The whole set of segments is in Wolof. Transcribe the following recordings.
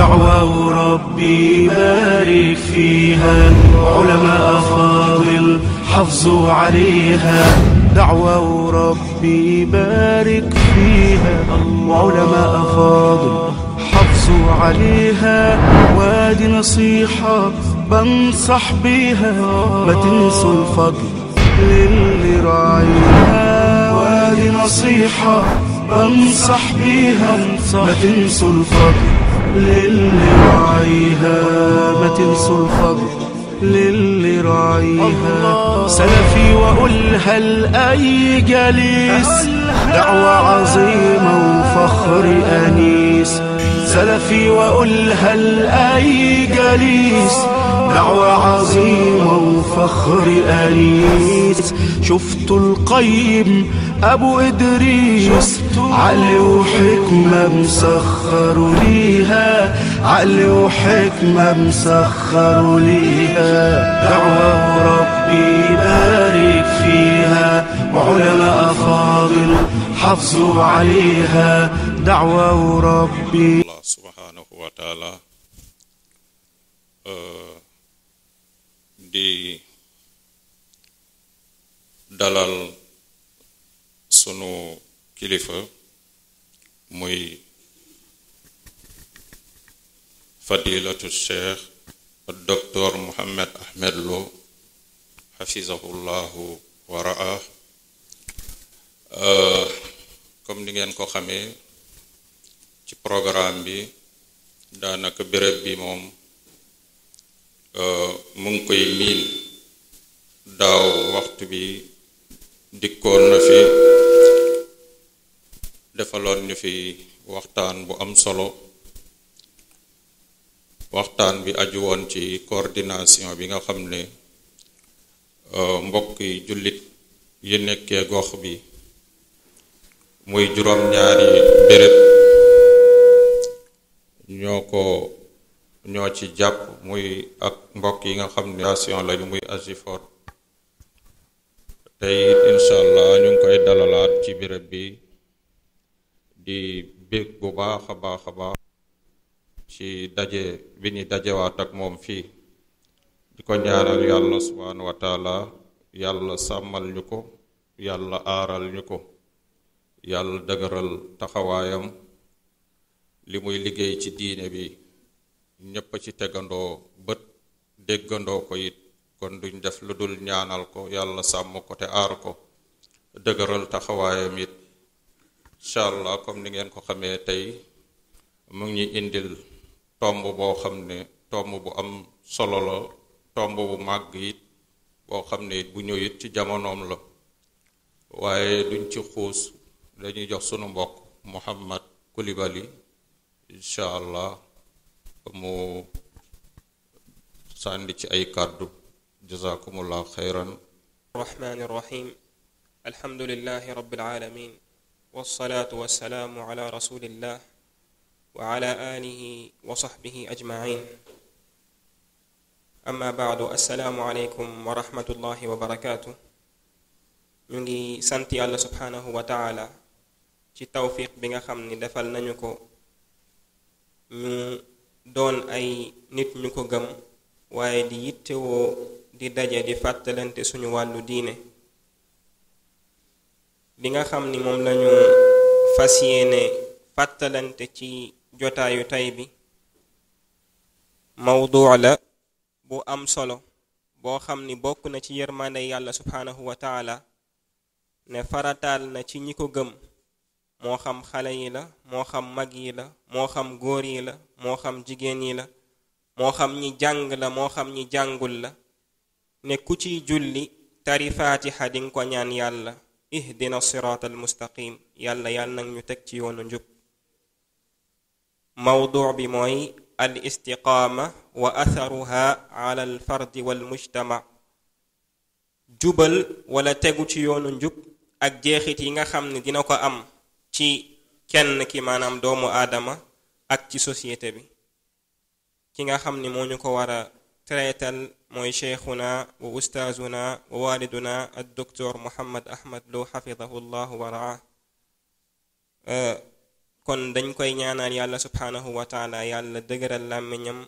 دعوة وربي بارك فيها علماء فاضل حافظوا عليها دعوة وربي بارك فيها علماء فاضل حافظوا عليها وادي نصيحة بنصح بيها ما تنسوا الفضل للي راعيها وادي نصيحة بنصح بيها ما تنسوا الفضل للرعيها ما تنسوا الفضل للي راعيها سلفي وألها لأي جليس دعوة عظيمة وفخر أنيس سلفي وألها لأي جليس نحو عظيم وفخر أنيس شفت القيم أبو إدريس علي وحكمة مسخر ليها علي وحكمة مسخر ليها دعوة ربي يبارك فيها وعلماء فاضل حافظوا عليها دعوة ربي الله سبحانه وتعالى أه di dalal sunu kilifa muy fadilatu cheikh docteur Mohamed Ahmed Lo xafizahullahu wa raah euh, comme ngeen ko xamee ci programme bi daanaka béréb bi moom mu ngi koy miin daaw waxtu bi dikkoon na fi defaloon ñu fi waxtaan bu am solo waxtaan bi aju woon ci coordination bi nga xam ne euh, mbokk jullit yi nekkee gox bi muy juróom-ñaari béréb ñoo ko ñoo ci jàpp muy ak mbokk yi nga xam ne station lañu muy Agifort tey incha ñu ngi koy dalalaat ci birab bi di bég bu baax a baax a ci daje bi ñu dajewaat ak moom fii di ko ñaaral yàlla subhaanahu wa taala yàlla sàmmal ñu ko yàlla aaral ñu ko yàlla dëgëral taxawaayam li muy liggéey ci diine bi ñépp ci tegandoo bët déggandoo ko it kon duñ def lu dul ñaanal ko yàlla sàmm ko te aar ko dëgëral taxawaayam it incha allah comme ni ngeen ko xamee tey mu ngi indil tomb boo xam ne tomb bu am solo la tomb bu màgg it boo xam ne it bu ñëw it ci jamonoom la waaye duñ ci xuus dañuy jox sunu mbokk Muhammad Kulibali incha allah mu sànni ci ay kàddu jazakumullah xayran rahmaani rahim alhamdulilahi rabbil alamin wasalaatu wasalaamu ala rasulillah wa ala alihi wa sahbihi ajmain amma baadu assalaamu aleykum wa rahmatullahi wa barakaatu ñu ngi sant yàlla subhaanahu wa taala ci tawfiq bi nga xam ni defal nañu ko ñu doon ay nit ñu ko gëm waaye di yittewoo di daje di fàttalante suñu wàllu diine li nga xam ni moom lañu fas yéene fàttalante ci jotaayu tey bi mawdu la bu am solo boo xam ni bokk na ci yërmande yàlla subhaanahu wa ne farataal na ci ñi ko gëm moo xam xale yi la moo xam mag yi la moo xam góor yi la moo xam jigéen yi la moo xam ñi jàng la moo xam ñi jàngul la ne ku ciy julli tari faatixa dinga ko ñaan yàlla dina siraat al yàlla yàlla nag ñu teg ci yoonu njub mawdu bi mooy al wa atharuha ala al fardi wal mujtama jubal wala tegu ci yoonu njub ak jeexit yi nga xam ne dina ko am ci kenn ki maanaam doomu aadama ak ci société bi ki nga xam ni moo ñu ko war a traital mooy cheikhuna wa ustaazuna wa waliduna ad docteur Muhammad Ahmad Lo xafidahu llah wa raa euh, kon dañ koy ñaanal yàlla subhaanahu wa taala yàlla dëgëral làmmiñam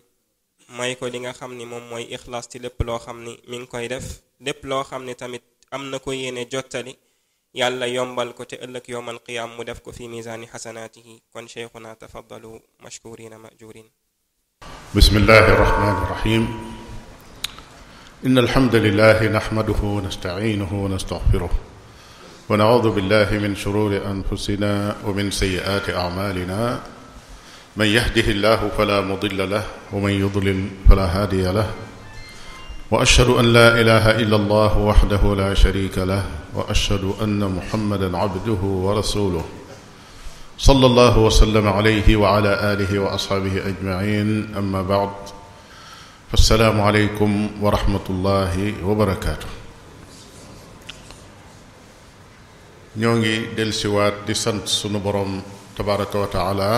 may ko li nga xam ni moom mooy ixlaas ci lépp loo xam ni mi ngi koy def lépp loo xam ni tamit am na ko yéene jottali yàlla yombal ko te ëllëg yowmal qiyaam mu ko fi misaani xasanaatihi kon cheikhuna tafaddalu mashkurina majurin bismillahi rahmaani rahim inna alhamdulilahi naxmaduhu wa nastaciinuhu wa nastaxfiruh wa nacuudu billahi min shururi wa ashhadu an laa ilaha illa allah waxdahu la sharika lah wa ashhadu anna muhammadan abduhu wa rasuluh sala allahu wasallam alayhi wa ala alihi wa ashaabihi ajmain amma baad assalaamu aleykum wa rahmatullahi wa barakaatu ñoo ngi dellusiwaat di sant sunu boroom tabaraka wa taala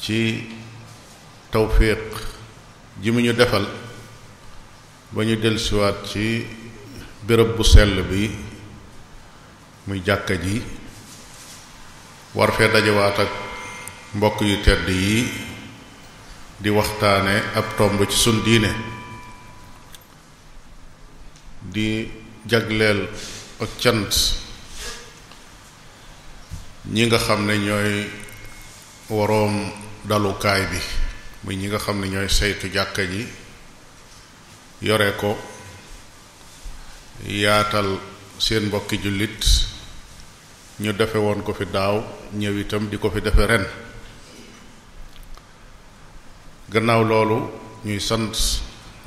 ci tawfiq ji mu ñu defal ba ñu dellusiwaat ci bërëb bu sell bi muy jàkka ji war fee dajawaat ak mbokk yu tedd yi di waxtaane ab tomb ci sun diine di jagleel ak cant ñi nga xam ne ñooy waroom dalukaay bi muy ñi nga xam ne ñooy saytu jàkka ji yore ko yaatal seen mbokki jullit ñu defe woon ko fi daaw ñëw itam di ko fi defe ren gannaaw loolu ñuy sant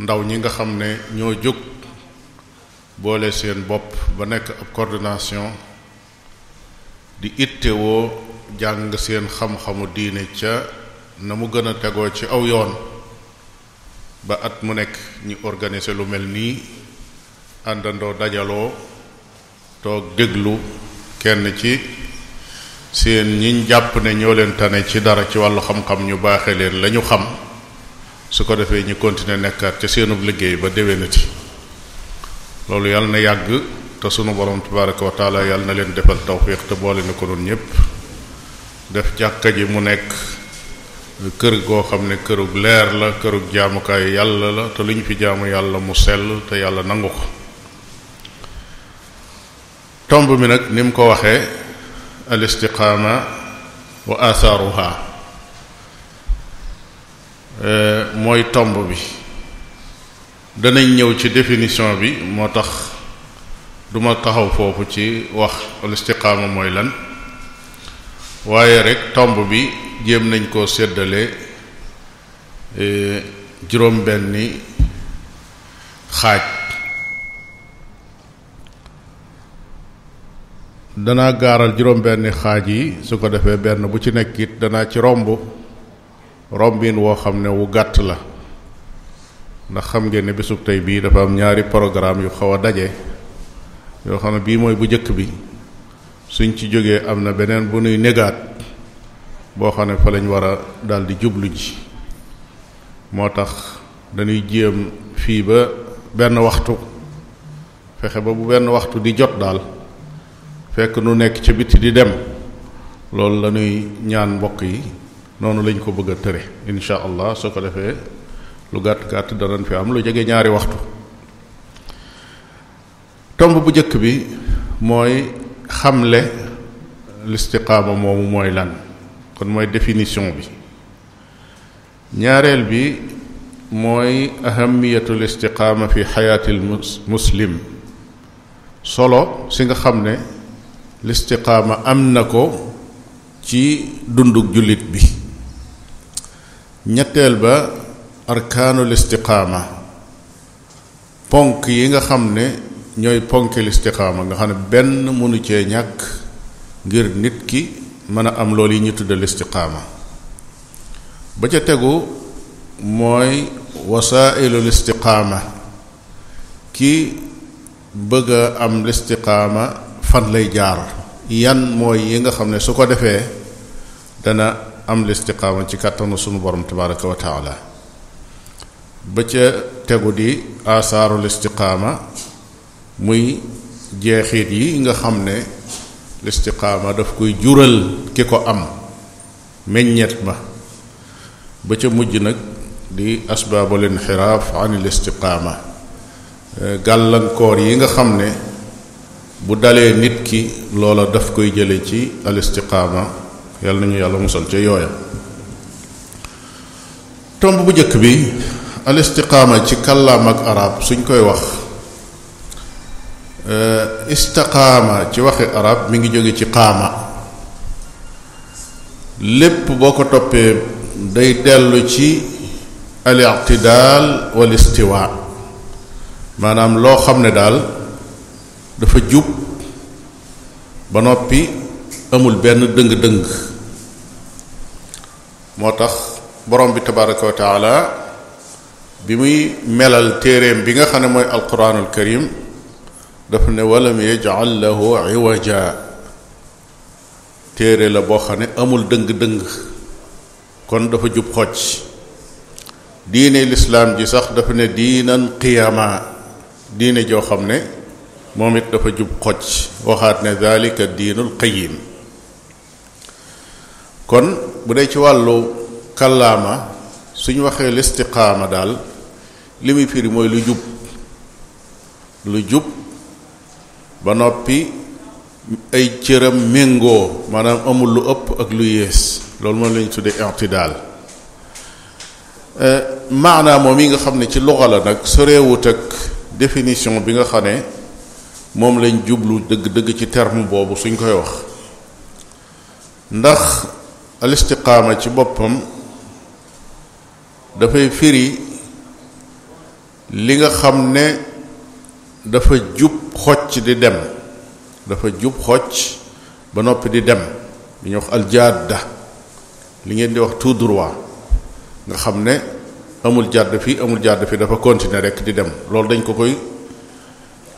ndaw ñi nga xam ne ñoo jóg boole seen bopp ba nekk ab coordination di ittewoo jàng seen xam-xamu diine ca na mu gën a tegoo ci aw yoon ba at mu nekk ñu organiser lu mel nii àndandoo dajaloo toog déglu kenn ci seen ñi jàpp ne ñoo leen tane ci dara ci wàllu xam-xam ñu baaxe leen la ñu xam su ko defee ñi continuer nekkaat ca seenub liggéey ba déwénati loolu yàlla na yàgg te sunu borom tabaraka wa yàlla na leen defal tawfiq te boole ko noonu ñépp def jàkka ji mu nekk kër goo xam ne kërug leer la kërug jaamukaayu yàlla la te lu ñu fi jaamu yàlla mu sell te yàlla nangu ko tomb bi nag ni mu ko waxee al istiqaama wa athaaruha mooy tomb bi danañ ñëw ci définition bi moo tax duma taxaw foofu ci wax al istiqaama mooy lan waaye rek tomb bi jéem nañ koo séddale e, juróom benni xaaj danaa gaaral juróom benni xaaj yi su ko defee benn bu ci nekk it danaa ci romb rombin woo xam ne wu gàtt la ndax xam ngeen ne bésub tey bii dafa am ñaari programme yu xaw a daje yoo xam ne bii mooy bu njëkk bi suñ ci jógee am na beneen bu nuy négaat boo xam ne fa lañ war a daldi jublu ji moo tax dañuy jéem fii ba benn waxtu fexe ba bu benn waxtu di jot daal fekk nu nekk ca biti di dem loolu la ñuy ñaan mbokk yi noonu lañ ko bëgg a tëre incha allah soo ko defee lu gàtt gàtt danañ fi am lu jege ñaari waxtu tomb bu njëkk bi mooy xamle listiqaama moomu mooy lan kon mooy définition bi ñaareel bi mooy ahamiyatul istiqaama fi xayaatil muslim solo si nga xam ne listiqaama am na ko ci dunduk jullit bi ñetteel ba arkaanu listiqaama ponk yi nga xam ne ñooy ponki listiqaama nga xam ne benn mënu cee ñàkk ngir nit ki mën a am loolu yi ñu tuddal istiqaama ba ca tegu mooy wasailul istiqaama ki bëgg a am listiqaama fan lay jaar yan mooy yi nga xam ne su ko defee dana am listiqaama ci kàttanu sunu borom tabaraka wa taala ba ca tegu di asaarul istiqaama muy jeexit yi nga xam ne listiqaama daf koy jural ki ko am meññet ma ba ca mujj nag di asbaabul inxiraaf an il istiqaama eh, gàllankoor yi nga xam ne bu dalee nit ki loola daf koy jële ci al istiqaama yàlla nañu yàlla musal ca yooya tomb bu jëkk bi al istiqaama ci kàllaam ak arab suñ koy wax Euh, istaqaama ci waxi arab mi ngi jóge ci qaama lépp boo ko toppee day dellu ci al i'tidaal wal istiwa maanaam loo xam ne daal dafa jub ba noppi amul benn dëng-dëng moo tax borom bi tabaraka wa bi muy melal téereem bi nga xam ne mooy alquranul karim daf ne walam yajal lahu iwaja téere la boo xam ne amul dëng-dëng kon dafa jub xoj diine lislaam ji sax dafa ne diinan qiyaama diine joo xam ne moom it dafa jub xoj waxaat ne dalika diinul qayim kon bu dee ci wàllu kàllaama suñu waxee listiqaama daal li muy firi mooy lu jub lu jub ba noppi ay cëram méngoo maanaam amul lu ëpp ak lu yées loolu moom lañu tuddee i'tidal euh, maanaam moom yi nga xam ne ci luxa la nag soreewut ak définition bi nga xam ne moom lañ jublu dëgg-dëgg ci terme boobu suñ koy wax ndax al ci boppam dafay firi li nga xam ne dafa jub xocc di dem dafa jub xocc ba noppi di dem li ñuy wax aljaada li ngeen di wax tout droit nga xam ne amul jàdd fii amul jàdd fi dafa continuer rek di dem loolu dañ ko koy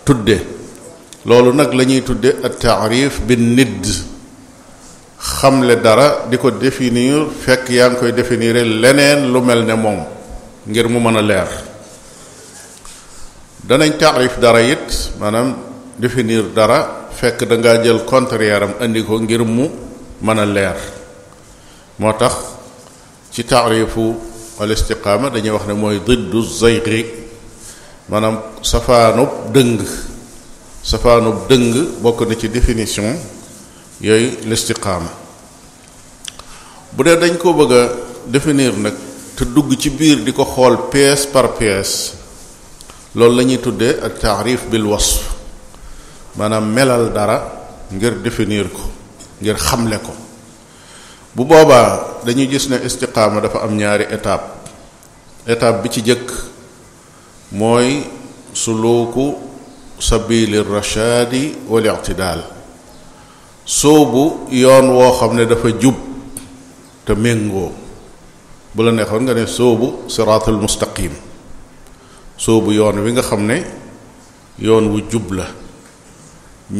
tudde loolu nag lañuy tudde ak taarif bi nidd xamle dara di ko définir fekk yaa ngi koy définir leneen lu mel ne moom ngir mu mën a leer danañ taarif dara yit maanaam définir dara fekk da ngaa jël contraire am indi ko ngir mu mën a leer moo tax ci taarifu al istiqaama dañuy wax ne mooy diddu zayri maanaam safaanub dëng safaanub dëng bokk na ci définition yooyu listiqaama bu dee dañ ko bëgg definiir nag te dugg ci biir di ko xool pièce par pièce loolu la ñuy tuddee ak taarif bil wasf maanaam melal dara ngir définir ko ngir xamle ko bu boobaa dañuy gis ne istiqaama dafa am ñaari étape étape bi ci jëkk mooy suluuku sabili rachadi wal i'tidaal soobu yoon woo xam ne dafa jub te méngoo bu la neexoon nga ne soobu siraatul mustaqim soobu yoon wi nga xam ne yoon wu jub la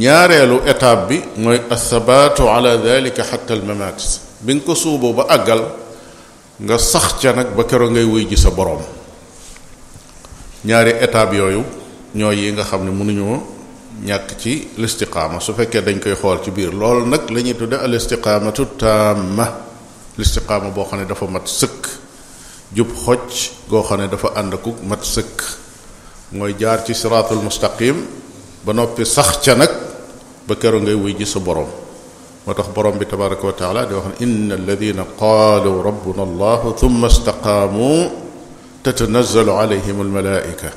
ñaareelu étape bi mooy athabaatu ala dalika xata almamat bi nga ko suuboo ba àggal nga sax ca nag ba kero ngay wuy ji sa boroom ñaari étape yooyu ñooy yi nga xam ne mënuñoo ñàkk ci listiqaama su fekkee dañ koy xool ci biir lool nag lañuy ñuy tudde al istiqaamatu taamma boo xam ne dafa mat sëkk jub xocc goo xam ne dafa ànd ku mat sëkk mooy jaar ci siraatul mustaqim ba noppi sax ca nag ba kero ngay wuy ji sa borom moo tax borom bi tabaraka wa taala di wax ne inna alladina qaalu rabbuna allah thumma istaqaamu tatanazalu alayhim almalaika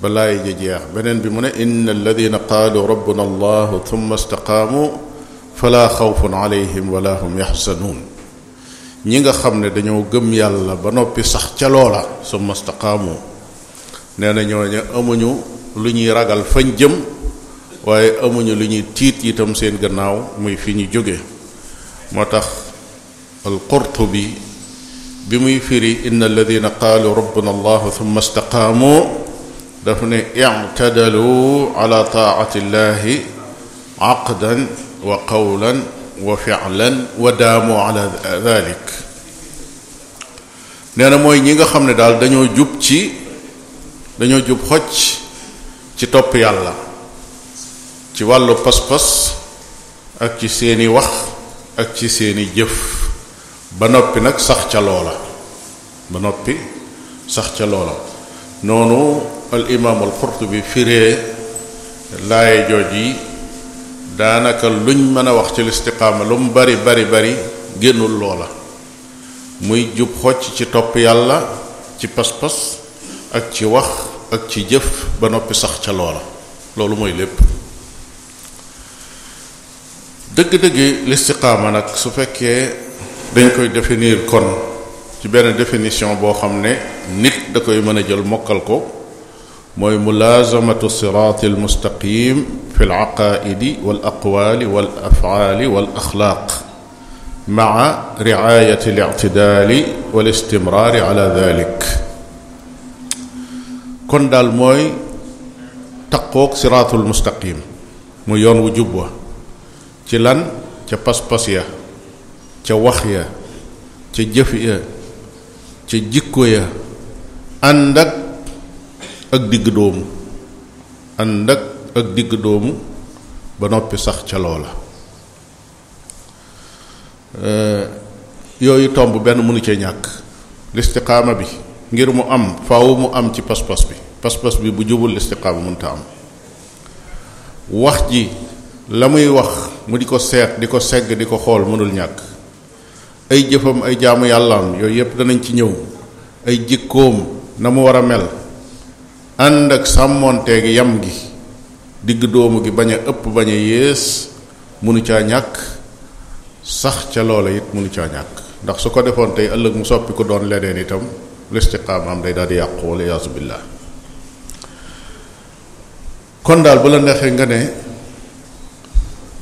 balaay ji jeex beneen bi mu ne inna alladina qaalu rabbuna allah thumma istaqaamu fala xawfun alayhim wala hum yaxzanuun ñi nga xam ne dañoo gëm yàlla ba noppi sax ca loola su mastaqaamu nee na ñooñu amuñu lu ñuy ragal fañ jëm waaye amuñu lu ñuy tiit itam seen gannaaw muy fi ñu jóge moo tax al-Qurtubi bi muy firi inna alladina qaalu rabbuna allah thumma istaqaamu daf ne i'tadalu ala taa'ati llahi aqdan wa qawlan wa filan wa daamu ala dalik nee na mooy ñi nga xam ne daal dañoo jub ci dañoo jub xocc ci topp yàlla ci wàllu pas-pas ak ci seeni wax ak ci seeni jëf ba noppi nag sax ca loola ba noppi sax ca loola noonu al imaam al Qurtubi firee laaye jooj yi daanaka luñ mën a wax ci listiqaama lu mu bari bari bari génnul loola muy jub xocc ci topp yàlla ci pas-pas ak ci wax ak ci jëf ba noppi sax ca loola loolu mooy lépp dëgg-dëgg listiqaama nag su fekkee dañ koy définir kon ci benn définition boo xam ne nit da koy mën a jël mokkal ko mooy mulaazamatu siraati almustaqim fi alaqaaidi wal aqwaali wal afaali wal axlaaq maa riaayati alictidaali wal istimraari ala dalik kon daal mooy taqoog siraatul mustaqim mu yoon wu jub wa ci lan ca pas ya ca wax ya ca jëf ya ca jikko ya ànd ak ak digg doomu ànd ak ak digg doomu ba noppi sax ca loola eh, yooyu tomb benn mënu cee ñàkk listiqaama bi ngir mu am faaw mu am ci pas-pas bi pas-pas bi bu jubul listiqaama mënta am wax ji la muy wax mu di ko seet di ko segg di ko xool mënul ñàkk ay jëfam ay jaamu yàllaam yooyu yépp danañ ci ñëw ay jikkoom na mu war a mel ànd ak sàmmoonteeg yam gi digg doomu gi bañ a ëpp bañ a yées mënu caa ñàkk sax ca loola it munu caa ñàkk ndax su ko defoon tey ëllëg mu soppi ko doon leneen itam listiqaamaam day daal di yàqu wala yaasu billah kon daal bu la neexee nga ne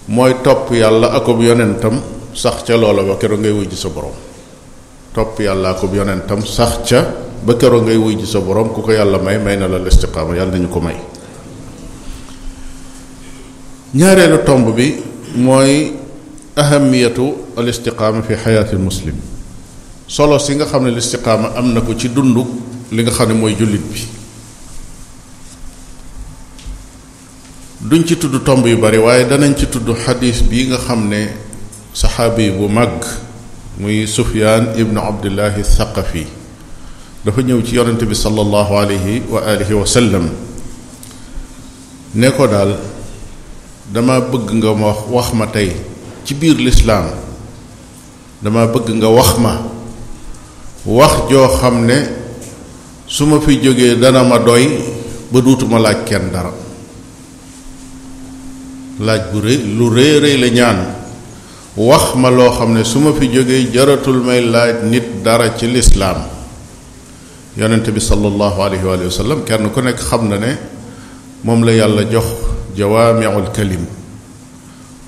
mooy topp yàlla akub yonentam sax ca loola ba keroog ngay wujj sa borom topp yàllaa ko yonentam sax ca ba keroog ngay wuy ji sa boroom ku ko yàlla may may na la listiqaama yàlla nañu ko may ñaareelu tomb bi mooy ahamiyatu al fi xayaati muslim solo si nga xam ne listiqaama am na ko ci dundu li nga xam ne mooy jullit bi duñ ci tudd tomb yu bari waaye danañ ci tudd xadiis bi nga xam ne saxaabi bu mag muy sufyaan ibnu abdillahi thaqafi dafa ñëw ci yonente bi sallallahu alayhi wa alihi wa sallam ne ko daal dama bëgg nga ma wax ma tey ci biir lislaam dama bëgg nga wax ma wax joo xam ne su ma fi jógee dana ma doy ba duutuma laaj kenn dara laaj bu rëy lu rëy rëy ñaan wax ma loo xam ne su ma fi jógee jaratul may laaj nit dara ci lislaam yonent bi sallallahu alayhi wa sallam kenn ku nekk xam na ne moom la yàlla jox jawaamiul kalim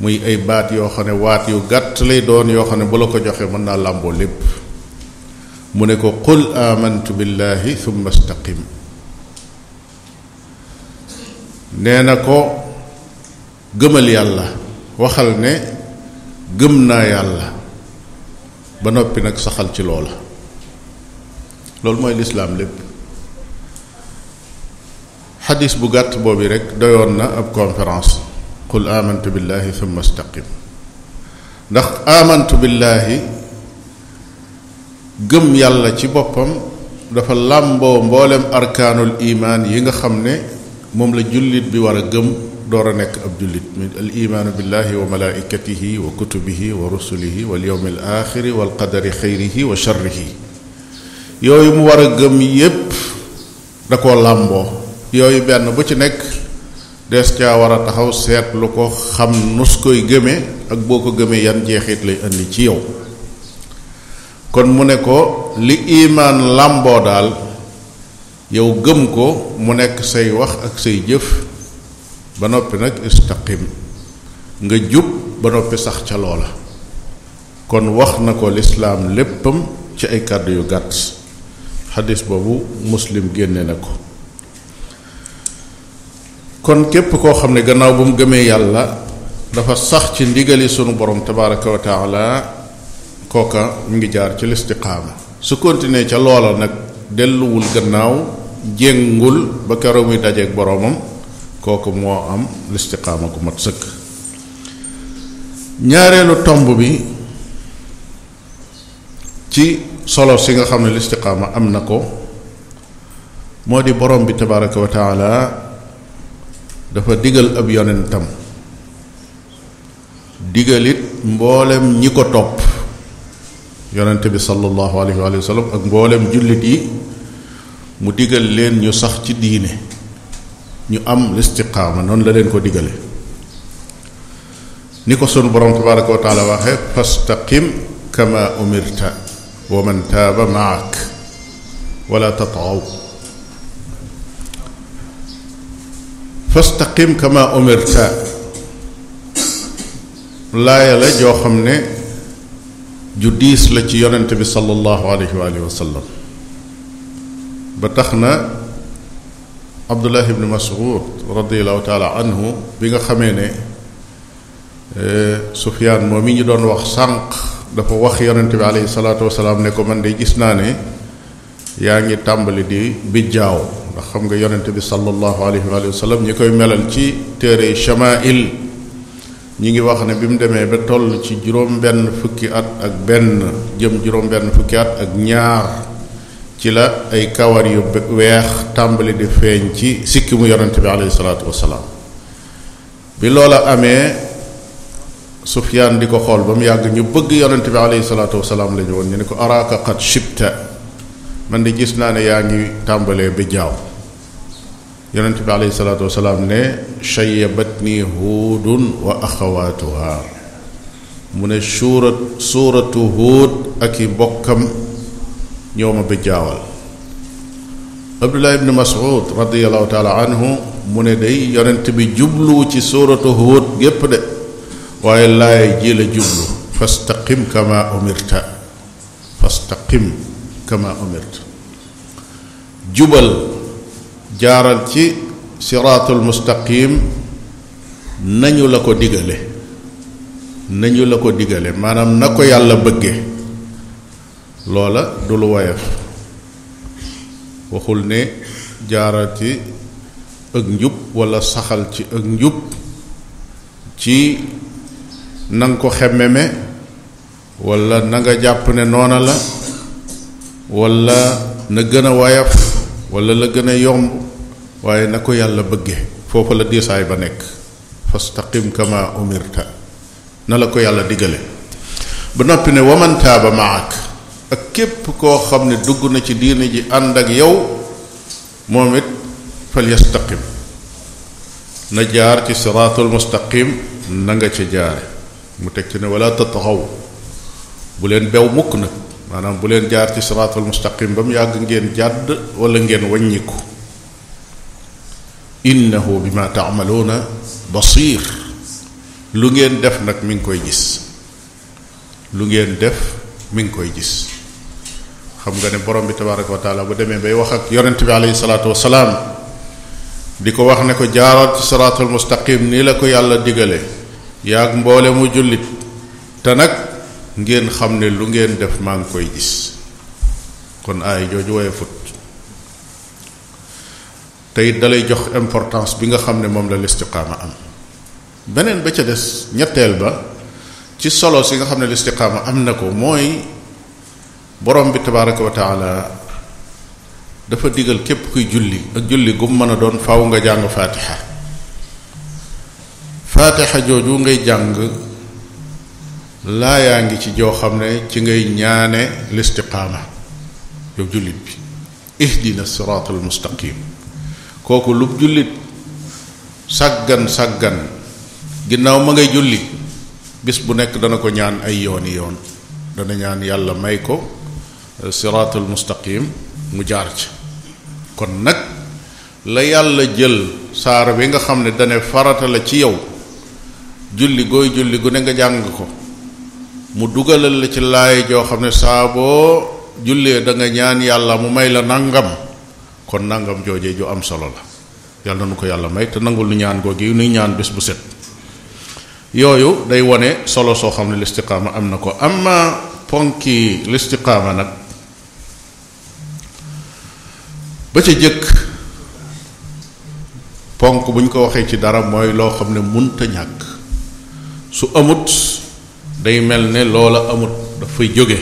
muy ay baat yoo xam ne waat yu gàtt lay doon yoo xam ne bu la ko joxee mën naa làmboo lépp mu ne ko qul amantu billahi thumma istaqim nee na ko gëmal yàlla waxal ne gëm naa yàlla ba noppi nag saxal ci loola loolu mooy lislaam lépp xadis bu gàtt boobu rek doyoon na ab conférence qul amantu billahi thumma istaqim ndax amantu billahi gëm yàlla ci boppam dafa làmboo mboolem arkaanul imaan yi nga xam ne moom la jullit bi war a gëm door a nekk ab jullit mi al imaanu billahi wa malaikatihi wa kutubihi wa rusulihi wal yawmi al axiri wal qadari xayrihi wa sharrihi yooyu mu war a gëm yépp da koo làmboo yooyu benn bu ci nekk des ca war a taxaw seetlu ko xam nus koy gëmee ak boo ko gëmee yan jeexit lay indi ci yow kon mu ne ko li imaan làmboo daal yow gëm ko mu nekk say wax ak say jëf ba noppi nag istaqim nga jub ba noppi sax ca loola kon wax na ko lislaam léppam ci ay kàddu yu gàtt xadis boobu muslim génne na ko kon képp koo xam ne gannaaw bu mu gëmee yàlla dafa sax ci ndigali sunu borom tabaraka wa taala kooka mu ngi jaar ci listiqaama su continuer ca loola nag delluwul gannaaw jéngul ba keroog muy dajeeg boromam kooku moo am listiqaama gu mat sëkk ñaareelu tomb bi ci solo si nga xam ne listiqaama am na ko moo di borom bi tabaraka wa taala dafa digal ab yonentam digalit mboolem ñi ko topp yonent bi sallallahu alayhi wa sallam ak mboolem jullit yi mu digal leen ñu sax ci diine ñu am listiqaama noonu la leen ko digale ni ko sunu borom tabaraka wa taala fastaqim kama umirta wa man taaba maak wala tataaw fastaqim kama umirta laaya joo xam ne ju diis la ci yonent bi sallallahu alayhi wa alihi ba tax na abdullah ibn mas'ud radiallahu taala anhu bi nga xamee ne eh, sufyaan moom mi ñu doon wax sànq dafa wax yonente bi aleyhi salaatu wasalaam ne ko man de gis naa ne yaa ngi tàmbali di bijjaaw ndax xam nga yonente bi sallallahu alayhi wa sallam ñi koy melal ci téere chamail ñi ngi wax ne bi mu demee ba toll ci juróom benn fukki at ak benn jëm juróom benn fukki at ak ñaar ci la ay kawar yu weex tàmbali di feeñ ci sikki mu yonente bi alayhi salaatu wasalaam bi loola amee sufyaan di ko xool ba mu yàgg ñu bëgg yonente bi alayhi salaatu wasalaam la ñu ñu ne ko araaka qad shibta di gis naa ne yaa ngi tàmbalee bi jaaw yonente bi alayhi salaatu wasalaam ne shayyabatni huudun wa axawaatuha mu ne suurat suuratu huud ak i bokkam yowma bijaawal abdullah ibni mas'ud radiallahu taala anhu mu ne day yonent bi jublu ci suuratu Huud gépp de waaye laay ji la jublu fastaqim kama umirta fastaqim kama umirta jubal jaaral ci siraatul mustaqim nañu la ko digale nañu la ko digale maanaam na ko yàlla bëgge loola du lu woyof waxul ne jaaral ci ak njub wala saxal ci ak njub ci nanga ko xemmeme wala na nga jàpp ne noona la wala na gën a woyof wala la gën a yomb waaye na ko yàlla bëgge foofu la diisaay ba nekk fastaqim kama umirta na la ko yàlla digale ba noppi ne waman taaba maak ak képp koo xam ne dugg na ci diine ji ànd ak yow moom it fal yastaqim na jaar ci siraatul mustaqim na nga ca jaare mu teg ci ne wala tataxaw bu leen bew mukk nag maanaam bu leen jaar ci siraatul mustaqim ba mu yàgg ngeen jàdd wala ngeen wàññiku innahu bima taamaluuna basir lu ngeen def nag mi ngi koy gis lu ngeen def mi ngi koy gis xam nga ne borom bi tabaraka wa taala bu demee bay wax ak yonent bi alayhi salaatu wasalaam di ko wax ne ko jaaral ci siraatul mustaqim nii la ko yàlla digale yaag mboole mu jullit te nag ngeen xam ne lu ngeen def maa ngi koy gis kon aay jooju woye fut te it dalay jox importance bi nga xam ne moom la listiqaama am beneen ba ca des ñetteel ba ci solo si nga xam ne listiqaama am na ko mooy borom bi tabaraka wa taala dafa digal képp kuy julli ak julli gum mën a doon faw nga jàng faatixa faatixa jooju ngay jàng yaa ngi ci joo xam ne ci ngay ñaane listiqaama yow jullit bi ihdina siraat al mustaqim kooku lu jullit sàggan sàggan ginnaaw ma ngay julli bis bu nekk dana ko ñaan ay yooni yoon dana ñaan yàlla may ko siraatul mustaqim mu jaar ci kon nag la yàlla jël saara bi nga xam ne dane farata la ci yow julli gooy julli gu ne nga jàng ko mu dugalal la ci lay joo xam ne saaboo boo jullee da ñaan yàlla mu may la nangam kon nangam joojee ju am solo la yàlla nu ko yàlla may te nangul nu ñaan googu nuy ñaan bés bu set yooyu day wone solo soo xam ne listiqaama am na ko amma ponki listiqaama nag ba ca jëkk ponk bu ñu ko waxee ci dara mooy loo xam ne munta ñàkk su amut day mel ne loola amut dafay jóge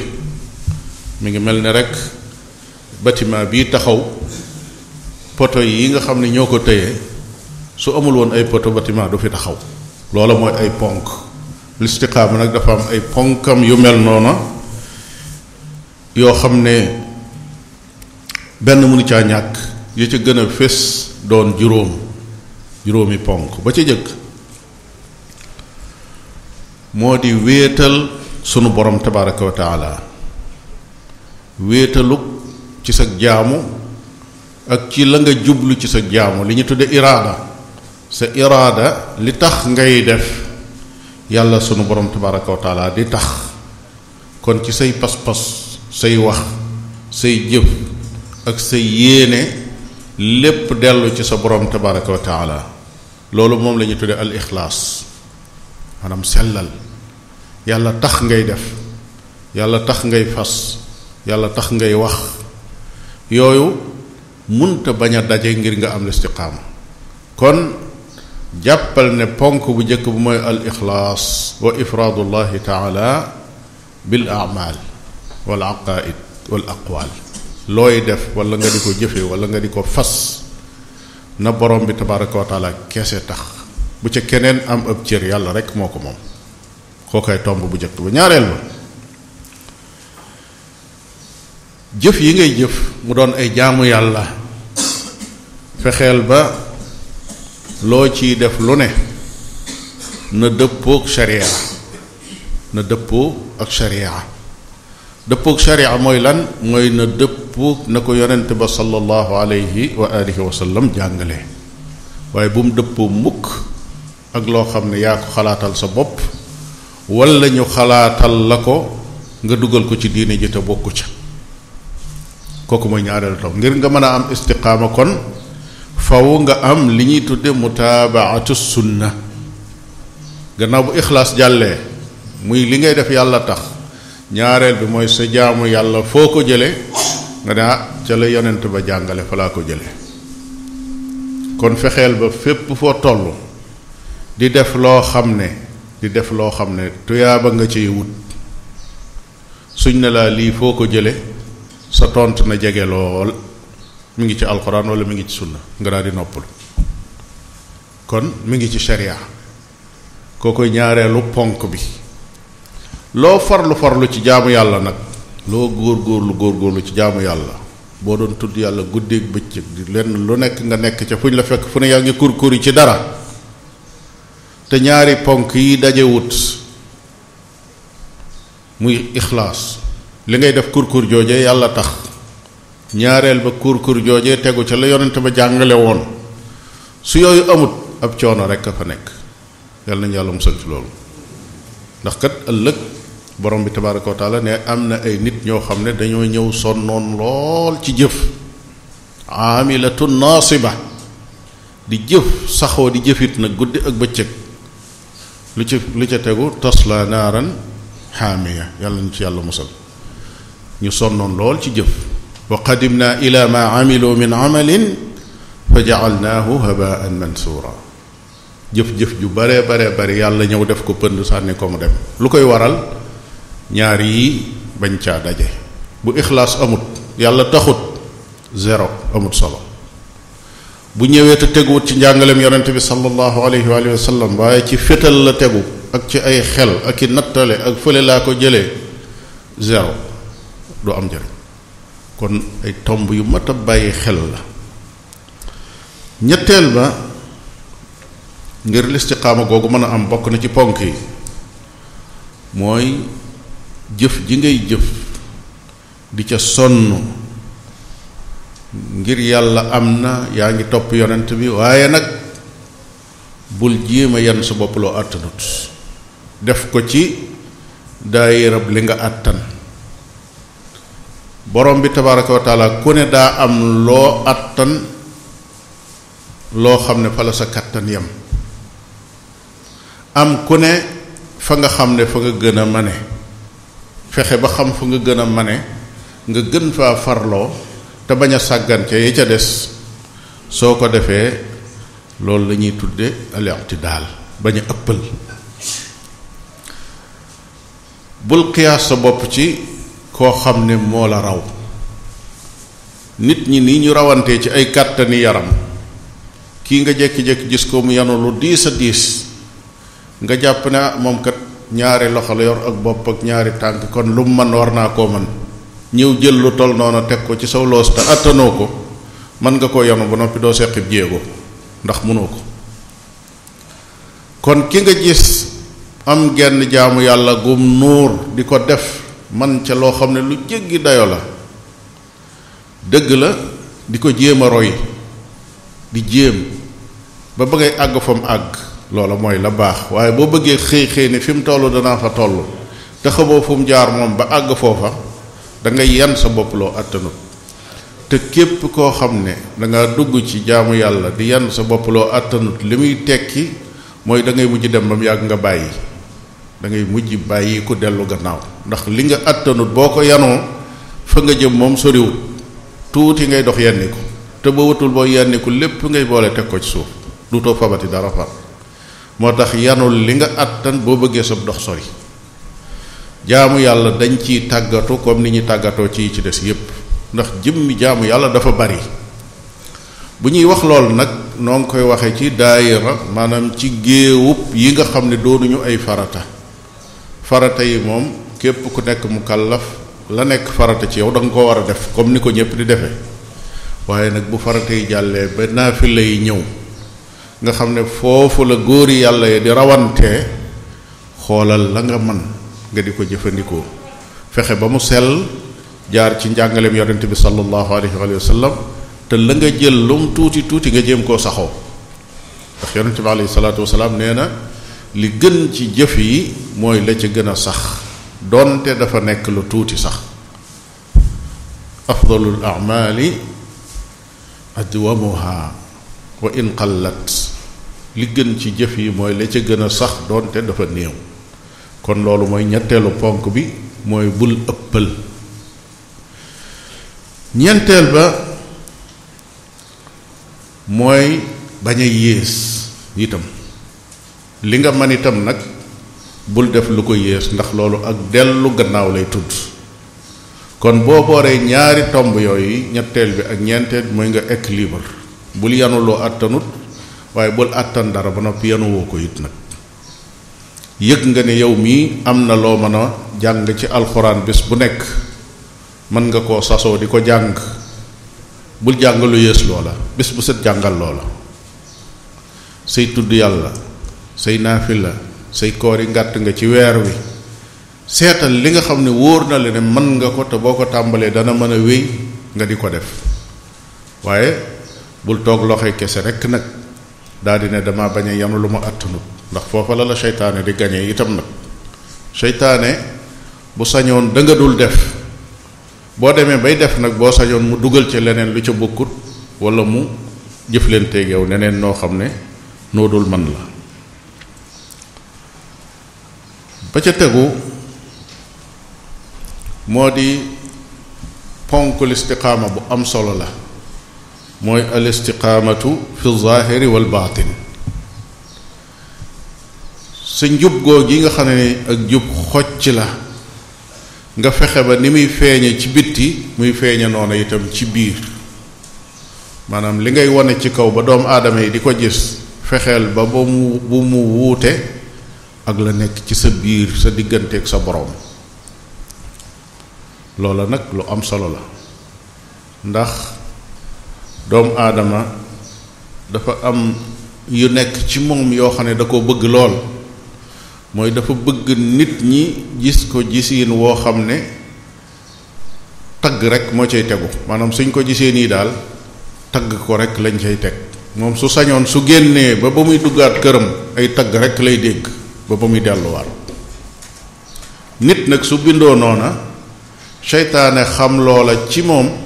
mi ngi mel ni rek bâtiment bii taxaw poto yi nga xam ne ñoo ko téye su amul woon ay poto bâtiment du fi taxaw loola mooy ay ponk listiqaama nag dafa am ay ponkam yu mel noona yoo xam ne benn mënu caa ñàkk ya ca gën a fés doon juróom juróomi ponk ba ca jëkk moo di wéetal sunu borom tabaraka wa taala wéetaluk ci sa jaamu ak ci la nga jublu ci sa jaamu li ñu tudde iraada sa iraada li tax ngay def yàlla sunu borom tabaraka wa taala di tax kon ci say pas-pas say wax say jëf ak sa yéene lépp dellu ci sa borom tabaraka wa taala loolu moom la ñu tuddee al ixlaas maanaam sellal yàlla tax ngay def yàlla tax ngay fas yàlla tax ngay wax yooyu munta bañ a daje ngir nga am listiqaama kon jàppal ne ponk bu njëkk bu mooy al ixlaas wa ifraadullahi taala bil aamaal wal aqaaid wal aqwaal looy def wala nga di ko jëfe wala nga di ko fas na borom bi tabaraka wa taala keese tax bu ca keneen am ab cër yàlla rek moo ko moom kookoy tomb bu njëkk ba ñaareel ba jëf yi ngay jëf mu doon ay jaamu yàlla fexeel ba loo ciy def lu ne na dëppoo ak na dëppoo ak sharia dëppoog sharia mooy lan mooy na dëppoog na ko yonent ba sallallahu alayhi wa alihi wa sallam jàngale waaye bu mu dëppoo mukk ak loo xam ne yaa ko xalaatal sa bopp wala ñu xalaatal la ko nga dugal ko ci diine ji te bokku ca kooku mooy ñaareelu taw ngir nga mën a am istiqaama kon faw nga am li ñuy tudde mutaabaatu sunna gannaaw bu ixlaas jàllee muy li ngay def yàlla tax ñaareel bi mooy sa jaamu yàlla foo ko jële nga ne ah ca la yonent ba jàngale fa laa ko jële kon fexeel ba fépp foo tollu di def loo xam ne di def loo xam ne tuyaaba nga ci wut suñ ne laa lii foo ko jële sa tont na jege lool mu ngi ci alxuraan walla mi ngi ci sunna nga daal di noppalu kon mi ngi ci sharia koo koy ñaareelu ponk bi loo farlu farlu ci jaamu yàlla nag loo góor góor lu góor góor lu ci jaamu yàlla boo doon tudd yàlla guddeeg bëccëg di lenn lu nekk nga nekk ca fu la fekk fu ne yaa ngi kur kur yi ci dara te ñaari ponk yi dajewut muy ixlaas li ngay def kur kur jooje yàlla tax ñaareel ba kur kur jooje tegu ca la yonent ba jàngale woon su yooyu amut ab coono rek a fa nekk yàlla nañu yàlla musal ci loolu ndax kat ëllëg borom bi tabaraka wa taala ne am na ay nit ñoo xam ne dañoo ñëw sonnoon lool ci jëf amilatu naasiba di jëf saxoo di jëfit nag guddi ak bëccëg lu ci lu ca tegu tasla naaran xaamiya yàlla na ci yàlla musal lool ci jëf wa qadimna ila ma amilu min amalin fa jacalnaahu habaan mansuura jëf-jëf ju bare bare bare yàlla ñëw def ko pënd sànni ko mu dem lu koy waral ñaar yi bañ caa daje bu ixlaas amut yàlla taxut zéro amut solo bu ñëwee te teguwut ci njàngaleem yonent bi sallallahu alayhi wa sallam waaye ci fétal la tegu ak ci ay xel ak i nattale ak fële laa ko jëlee zéro doo am njariñ kon ay tomb yu mat a bàyyi xel la ñetteel ba ngir listiqaama googu mën a am bokk na ci ponk yi mooy jëf ji ngay jëf di ca sonn ngir yàlla am na yaa ngi topp yonent bi waaye nag bul jéema yan sa bopp loo àttanut def ko ci daayirab li nga àttan borom bi tabaraka wa taala ku ne daa am loo àttan loo xam ne fa la sa kàttan yam am ku ne fa nga xam ne fa nga gën a mane fexe ba xam fu nga gën a mane nga gën faa farloo te bañ a sàggan ca ya ca des soo ko defee loolu la ñuy tudde al daal bañ a ëppal bul xiyaas sa bopp ci koo xam ne moo la raw nit ñi ni ñu rawantee ci ay kàttani yaram kii nga jékki-jékki gis ko mu yanu lu diis a diis nga jàpp ne ah moom kat ñaari loxo la yor ak bopp ak ñaari tànk kon lu mu mën war naa koo mën ñëw jël lu tol noonu teg ko ci saw loos te attanoo ko mën nga koo yanu ba noppi doo seqib jéego ndax munoo ko kon ki nga gis am genn jaamu yàlla gum nuur di ko def man ca loo xam ne lu jéggi dayoo la dëgg la di ko jéema roy di jéem ba ba àgg fa mu àgg loola mooy la baax waaye boo bëggee xëy xëy ne fi mu toll danaa fa toll te xamoo fu jaar moom ba àgg foofa da nga yan sa bopp loo te képp koo xam ne da nga dugg ci jaamu yàlla di yan sa bopp loo li muy tekki mooy da ngay mujj dem ba mu yàgg nga bàyyi dangay ngay mujj bàyyi ku dellu gannaaw ndax li nga attanut boo ko yanoo fa nga jëm moom soriwut tuuti ngay dox yenni ko te boo boo yenni ko lépp ngay boole teg ko ci suuf duutoo fabati dara moo tax yanul li nga àttan boo bëggee sab dox sori jaamu yàlla dañ ciy tàggatu comme ni ñuy tàggatoo ci ci des yépp ndax jëmmi jaamu yàlla dafa bari bu ñuy wax loolu nag noo koy waxee ci daayira maanaam ci géewub yi nga xam ne doonuñu ay farata farata yi moom képp ku nekk mu kàllaf la nekk farata ci yow da ko war a def comme ni ko ñépp di defee waaye nag bu farata yi jàllee ba fi lay ñëw nga xam ne foofu la góor yàlla yi di rawantee xoolal la nga man nga di ko jëfandikoo fexe ba mu sel jaar ci njàngaleem yonent bi sallallahu alayhi wa sallam te la nga jël lum tuuti tuuti nga jëm koo saxoo ndax yonent bi alayhi salaatu wa salaam nee na li gën ci jëf yi mooy la ci gën a sax donte dafa nekk lu tuuti sax afdalul a'maali adwamuha wa in qallat li gën ci jëf yi mooy la ca gën a sax doonte dafa néew kon loolu mooy ñetteelu ponk bi mooy bul ëppal ñeenteel ba mooy bañ a yées itam li nga man itam nag bul def lu ko yées ndax loolu ak dellu gannaaw lay tudd kon boo booree ñaari tomb yooyu ñetteel bi ak ñeenteel bi mooy nga équilibre bul yanuloo àttanut waaye bul àttan dara ba noppi woo ko yit nag yëg nga ne yow mii am na loo mën a jàng ci alxuraan bés bu nekk mën nga koo sasoo di ko jàng bul jàngalu lu yées loola bés bu set jàngal la say tudd yàlla say naafila say koor yi ngàtt nga ci weer wi seetal li nga xam ne wóor na la ne mën nga ko te boo ko tàmbalee dana mën a wéy nga di ko def waaye bul toog loxo kese rekk nag daal di ne dama bañ a yanu lu ma attanut ndax foofa la la seytaane di gañe itam nag seytaane bu sañoon da dul def boo demee bay def nag boo sañoon mu dugal ci leneen lu ca bokkut wala mu jëflanteeg yow neneen noo xam ne noo dul man la ba ca tegu moo di ponk listiqaama bu am solo la mooy al istiqaamatu fi zaahiri wal sa njub goo gi nga xam ne ak jub xocc la nga fexe ba ni muy feeñe ci bitti muy feeñe noonu itam ci biir maanaam li ngay wane ci kaw ba doomu aadama yi di ko gis fexeel ba ba mu bu mu wuute ak la nekk ci sa biir sa diggante ak sa boroom loola nag lu am solo la ndax doomu aadama dafa am yu nekk ci moom yoo xam ne da ko bëgg lool mooy dafa bëgg nit ñi gis ko gisiin woo xam ne tagg rek moo cay tegu maanaam suñ ko gisee nii daal tagg ko rek lañ cay teg moom su sañoon su génnee ba ba muy duggaat këram ay tagg rekk lay dégg ba ba muy delluwaat nit nag su bindoo noona seytaane xam loola ci moom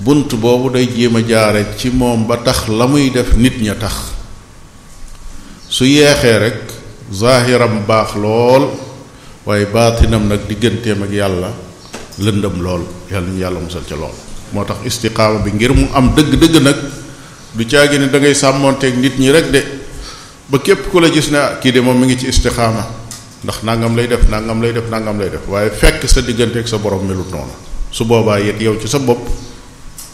bunt boobu day jéem a jaare ci moom ba tax la muy def nit ña tax su yeexee rek zaahiram baax lool waaye baatinam nag digganteem ak yàlla lëndëm lool yàlla ñu yàlla musal ca lool moo tax istiqaama bi ngir mu am dëgg-dëgg nag du caagi ne da ngay sàmmoonteeg nit ñi rek de ba képp ku la gis ne ah, kii de moom mu ngi ci istiqaama ndax nangam lay def nangam lay def nangam lay def waaye fekk sa digganteeg sa borom melut noonu su boobaa yet yow ci sa bopp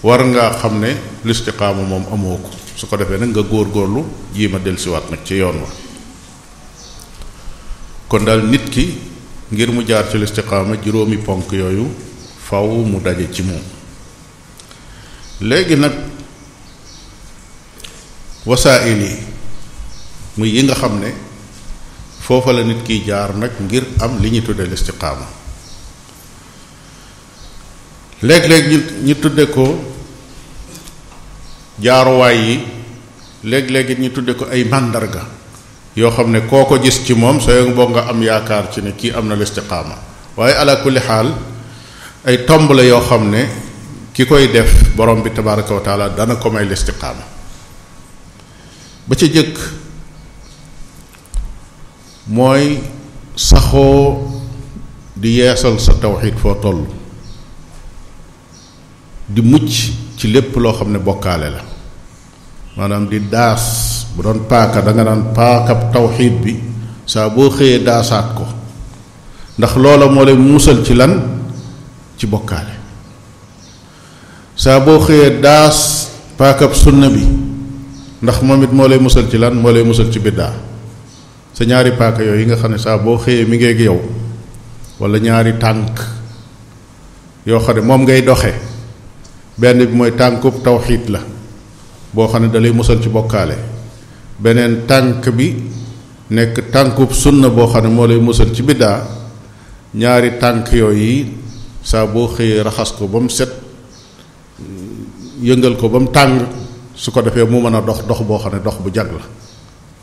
war ngaa xam ne listiqaama moom amoo ko su ko defee nag nga góorgóorlu jii ma dellusiwaat nag ci yoon wa kon dal nit ki ngir mu jaar ci listiqaama juróomi ponk yooyu faw mu daje ci moom léegi nag wasaa'il yi muy yi nga xam ne foofa la nit kiy jaar nag ngir am li ñu tuddee listiqaama léeg-léeg ñu ñu tudde ko jaaruwaay yi léegi léegi it tuddee ko ay màndarga yoo xam ne koo ko gis ci moom sooy boo nga am yaakaar ci ne kii am na listiqaama waaye ala kulli xaal ay tomb la yoo xam ne ki koy def borom bi tabaraka wa taala dana ko may listiqaama ba ca jëkk mooy saxoo di yeesal sa tawxiid foo toll di mucc lépp loo xam ne bokkaale la maanaam di daas bu doon paaka danga nga naan paakab tawxiid bi saa boo xëyee daasaat ko ndax loola moo lay musal ci lan ci bokkaale saa boo xëyee daas paakab sunna bi ndax moom it moo lay musal ci lan moo lay musal ci biddaa sa ñaari paaka yooyu yi nga xam ne saa boo xëyee mi ngeeg yow walla ñaari tànk yoo xam ne moom ngay doxe benn bi mooy tànkub tawxiit la boo xam ne dalay musal ci bokkaale beneen tànk bi nekk tànkub na boo xam ne moo lay musal ci biddaa ñaari tànk yi saa boo xëyee raxas ko ba mu set yëngal ko ba mu tànk su ko defee mu mën a dox dox boo xam ne dox bu jag la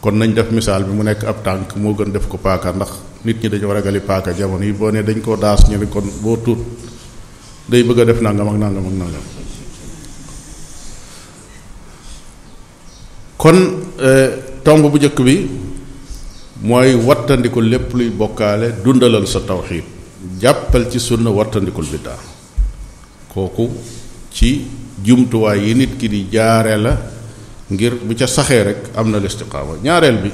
kon nañ def misaal bi mu nekk ab tànk moo gën def ko paaka ndax nit ñi dañoo ragali paaka jamono yi boo nee dañ koo daas ñu ne kon boo tuut day bëgg a def nangam ak nangam ak nangam kon euh, tong bu njëkk bi mooy wattandiku lépp luy bokkaale dundalal sa tawxiid jàppal ci sunna wattandikul biddaa kooku ci jumtuwaay yi nit ki di jaare la ngir bu ca saxee rek am na listiqaama ñaareel bi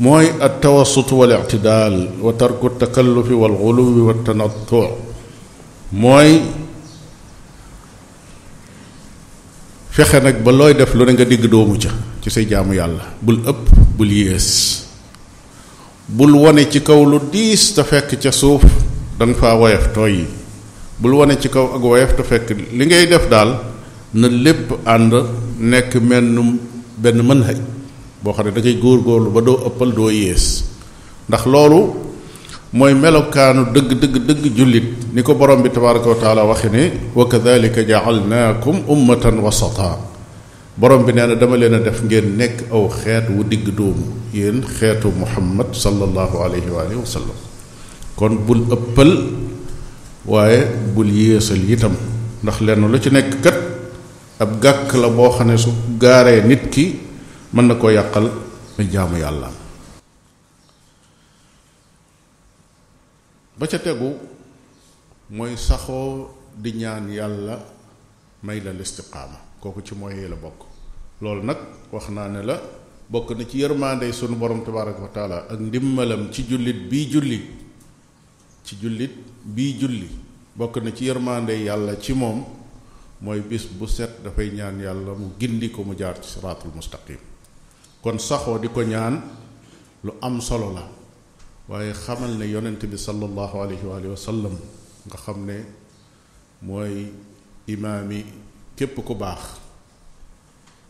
mooy ak tawassut wal i'tidaal wa tarku takallufi wal xuluwi wa tanattu mooy fexe nag ba looy def lu ne nga digg doomu ca ci say jaamu yàlla bul ëpp bul yées bul wane ci kaw lu diis te fekk ca suuf danga faa woyof tooy bul wone ci kaw ak woyof te fekk li ngay def daal na lépp ànd nekk menn benn mën xëj boo xam ne da góor góorlu ba doo ëppal doo yées ndax loolu mooy melokaanu dëgg dëgg dëgg jullit ni ko borom bi tabaraka wa taala waxe ne wa kadalika jaalnaakum ummatan wasata borom bi nee na dama leen a def ngeen nekk aw xeet wu digg doomu yéen xeetu muhammad sallallahu alayhi wa kon bul ëppal waaye bul yéesal itam ndax lenn lu ci nekk kat ab gàkk la boo xam ne su gaaree nit ki mën na koo yàqal muy jaamu yàlla ba ca tegu mooy saxoo di ñaan yàlla may la listiqaama kooku ci mooy la bokk loolu nag wax naa ne la bokk na ci yërmaande sunu borom tabaaraka wa ak ndimbalam ci jullit bii julli ci jullit bii julli bokk na ci yërmaande yàlla ci moom mooy bis bu set dafay ñaan yàlla mu gindi ko mu jaar ci siraatul mustaqim kon saxoo di ko ñaan lu am solo la waaye xamal ne yonent bi sallallahu alayhi wa alihi wa sallam nga xam ne mooy imaami képp ku baax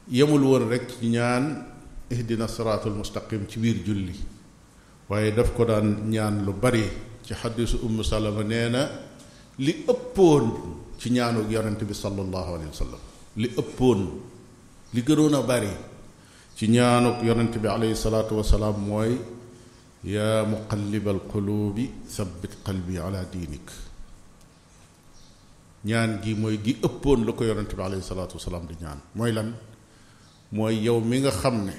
yemul woon rek ci ñaan ihdina siraatul mustaqim ci biir julli waaye daf ko daan ñaan lu bari ci xadisu umm salama nee na li ëppoon ci ñaanuk yonent bi sallallahu alayhi wa sallam li ëppoon li gënoon a bari ci ñaanuk yonent bi alayhi salaatu wa mooy yaa muqallibal quluubi sabbit qalbi ala diinik ñaan gi mooy gi ëppoon la ko yonent bi alayhi salaatu wasalaam di ñaan mooy lan mooy yow mi nga xam ne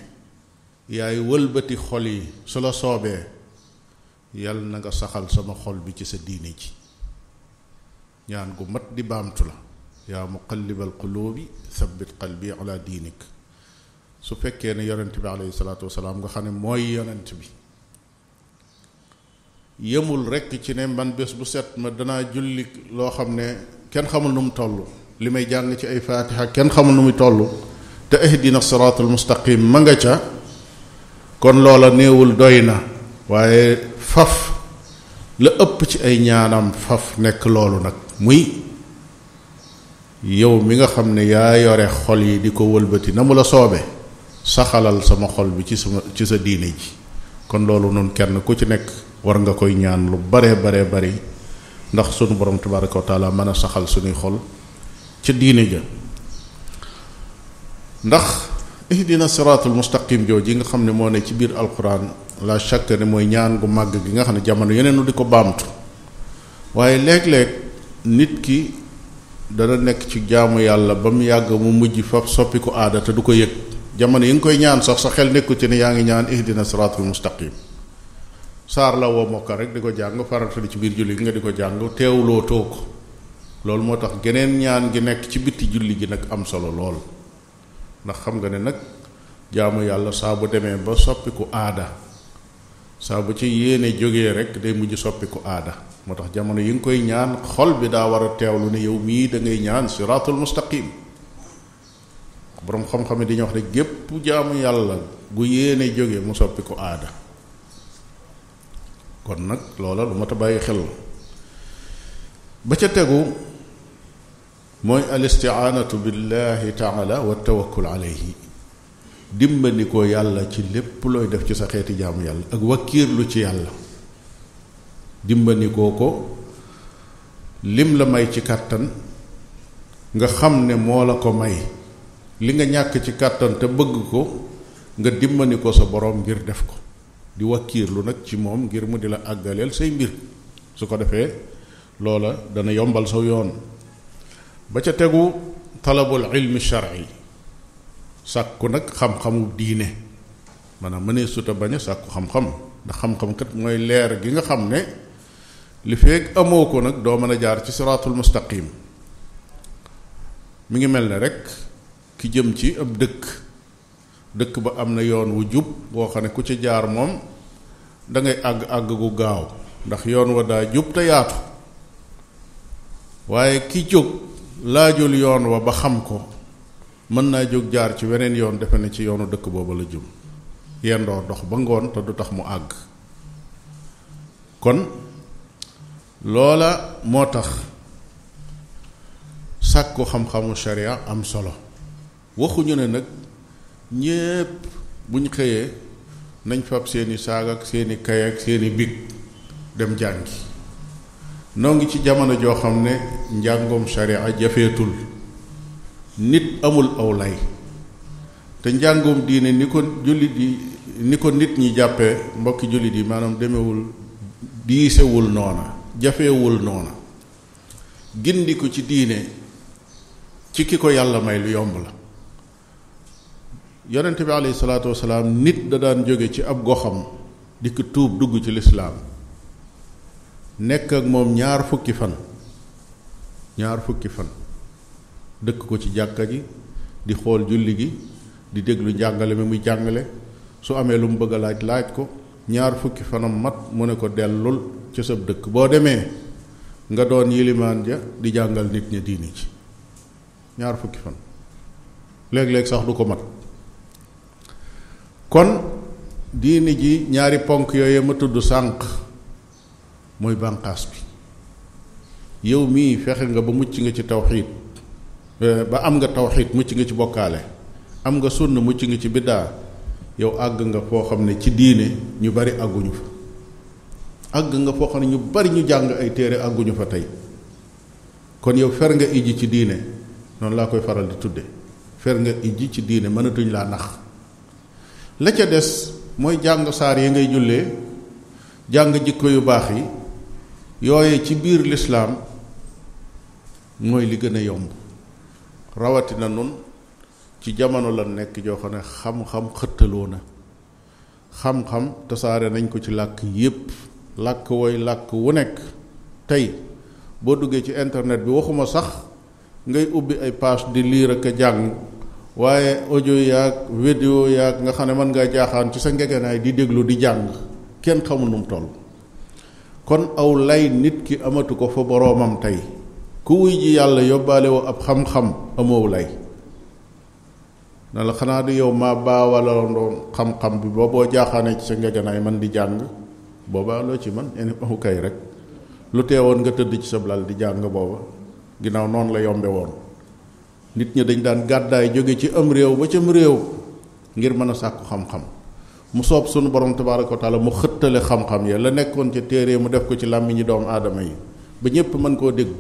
yaay wëlbati xol yi su la soobee yal na nga saxal sama xol bi ci sa diine ji ñaan gu mat di baamtu la yaa muqallibal quluubi sabbit qalbi ala diinik su fekkee ne yonent bi alayhi salaatu wasalaam nga xam ne mooy yonent bi yëmul rekk ci ne man bés bu set ma danaa julli loo xam ne kenn xamul nu mu toll li may jàng ci ay faatiha kenn xamul nu muy toll te ihdina siraatal mustaqim ma nga ca kon loola néewul doy na waaye faf la ëpp ci ay ñaanam faf nekk loolu nag muy yow mi nga xam ne yaa yore xol yi di ko wëlbati na mu la soobe saxalal sama xol bi ci sama ci sa diine ji kon loolu noonu kenn ku ci nekk war nga koy ñaan lu bare bare bari ndax sunu borom tabaraka wa taala mën a saxal suñuy xol ca diine ja ndax ihdina siraatul mustaqim jooju yi nga xam ne moo ne ci biir alquran la chaque ne mooy ñaan gu màgg gi nga xam ne jamono yeneen di ko baamtu waaye léeg-léeg nit ki dana nekk ci jaamu yàlla ba mu yàgg mu mujj fa soppi ku aada te du ko yëg jamono yi nga koy ñaan sax sa xel nekku ci ne yaa ngi ñaan ihdina siraatul mustaqim saar la woo mokka rek di ko jàng farata li ci biir julli nga di ko jàng teewloo too ko loolu moo tax geneen ñaan gi nekk ci bitti julli gi nag am solo lool ndax xam nga ne nag jaamu yàlla saa bu demee ba soppiku aada saa bu ci yéene jóge rek day mujj soppiku aada moo tax jamono yi nga koy ñaan xol bi daa war a teewlu ne yow mii da ngay ñaan siraatul mustaqim boroom xam-xam di ñu wax ne gépp jaamu yàlla gu yéene jógee mu soppiku aada kon nag loola lu mat a bàyyi xel ba ca tegu mooy al istiaanatu billahi taala wa tawakkul alayhi dimbali yàlla ci lépp looy def ci sa xeeti jaamu yàlla ak wakkiirlu ci yàlla dimbali koo ko lim la may ci kàttan nga xam ne moo la ko may li nga ñàkk ci kàttan te bëgg ko nga dimbali ko sa boroom ngir def ko di wakkiirlu nag ci moom ngir mu di la àggaleel say mbir su ko defee loola dana yombal saw yoon ba ca tegu talabul ilmi shar'i sàkku nag xam-xamu diine maanaam mënee suta bañ a sàkku xam-xam ndax xam-xam kat mooy leer gi nga xam ne li feeg amoo ko nag doo mën a jaar ci siraatul mustaqim mi ngi mel ne rek ki jëm ci ab dëkk dëkk ba am na yoon wu jub boo xam ne ku ci jaar moom da ngay àgg àgg gu gaaw ndax yoon wa daa jub te yaatu waaye ki jóg laajul yoon wa ba xam ko mën naa jóg jaar ci weneen yoon defe ne ci yoonu dëkk booba la jëm yendoo dox ba ngoon te du tax mu àgg kon loola moo tax sàkku xam-xamu sharia am solo waxuñu ne nag ñépp bu ñu xëyee nañ fab seeni saag ak seeni kay ak seeni big dem jàngi noo ngi ci jamono joo xam ne njàngoom sharia jafeetul nit amul aw lay te njàngoom diine ni ko jullit yi ni ko nit ñi jàppee mbokki jullit yi maanaam demewul diisewul noona jafewul noona gindiku ci diine ci ki ko yàlla may lu yomb la yonente bi alayhi salaatu wasalaam nit da daan jóge ci ab goxam dikk tuub dugg ci lislaam nekk ak moom ñaar fukki fan ñaar fukki fan dëkk ko ci jàkka ji di xool julli gi di déglu jàngale bi muy jàngale su amee lu mu bëgg a laaj laaj ko ñaar fukki fanam mat mu ne ko dellul ca sab dëkk boo demee nga doon yilimaan ja di jàngal nit ña diini ci ñaar fukki fan léeg-léeg sax du ko mat kon diine ji ñaari ponk yooyu ma tudd sànq mooy bànqaas bi yow mii fexe nga ba mucc nga ci tawxiid eh, ba am nga tawxiid mucc nga ci bokkaale am nga sunna mucc nga ci biddaa yow àgg nga foo xam ne ci diine ñu bari àgguñu fa àgg nga foo xam ne ñu bari ñu jàng ay téere àgguñu fa tey kon yow fer nga ijji ci diine noonu laa koy faral di tudde fer nga ijji ci diine mënatuñ laa nax la ca des mooy jàng saar yi ngay jullee jàng jikko yu baax yi yooye ci biir lislaam mooy li gën a yomb rawatina nun ci jamono la nekk joo xam ne xam-xam xëttaloo na xam-xam tasaare nañ ko ci làkk yépp làkk woy làkk wu nekk tey boo duggee ci internet bi waxuma sax ngay ubbi ay page di liir ak a jàng waaye audio yaag vidéo yaag nga xam ne mën ngaa jaaxaan ci sa ngegenaay di déglu di jàng kenn xamul nu mu kon aw lay nit ki amatu ko fa boroomam tey ku wuy ji yàlla yóbbaale woo ab xam-xam amoo lay na la xanaa di yow maa baawalandoon xam-xam bi ba boo jaaxaanee ci sa njegenaay man di jàng booba loo ci man en kay rek lu teewoon nga tëdd ci sa blal di jàng booba ginnaaw noonu la yombe woon nit ñi dañ daan gàddaay jóge ci am réew ba cam réew ngir mën a sàkku xam-xam mu soob sunu borom tabaaraka wa taala mu xëttale xam-xam ya la nekkoon ca téere mu def ko ci làmmiñi doomu aadama yi ba ñépp mën koo dégg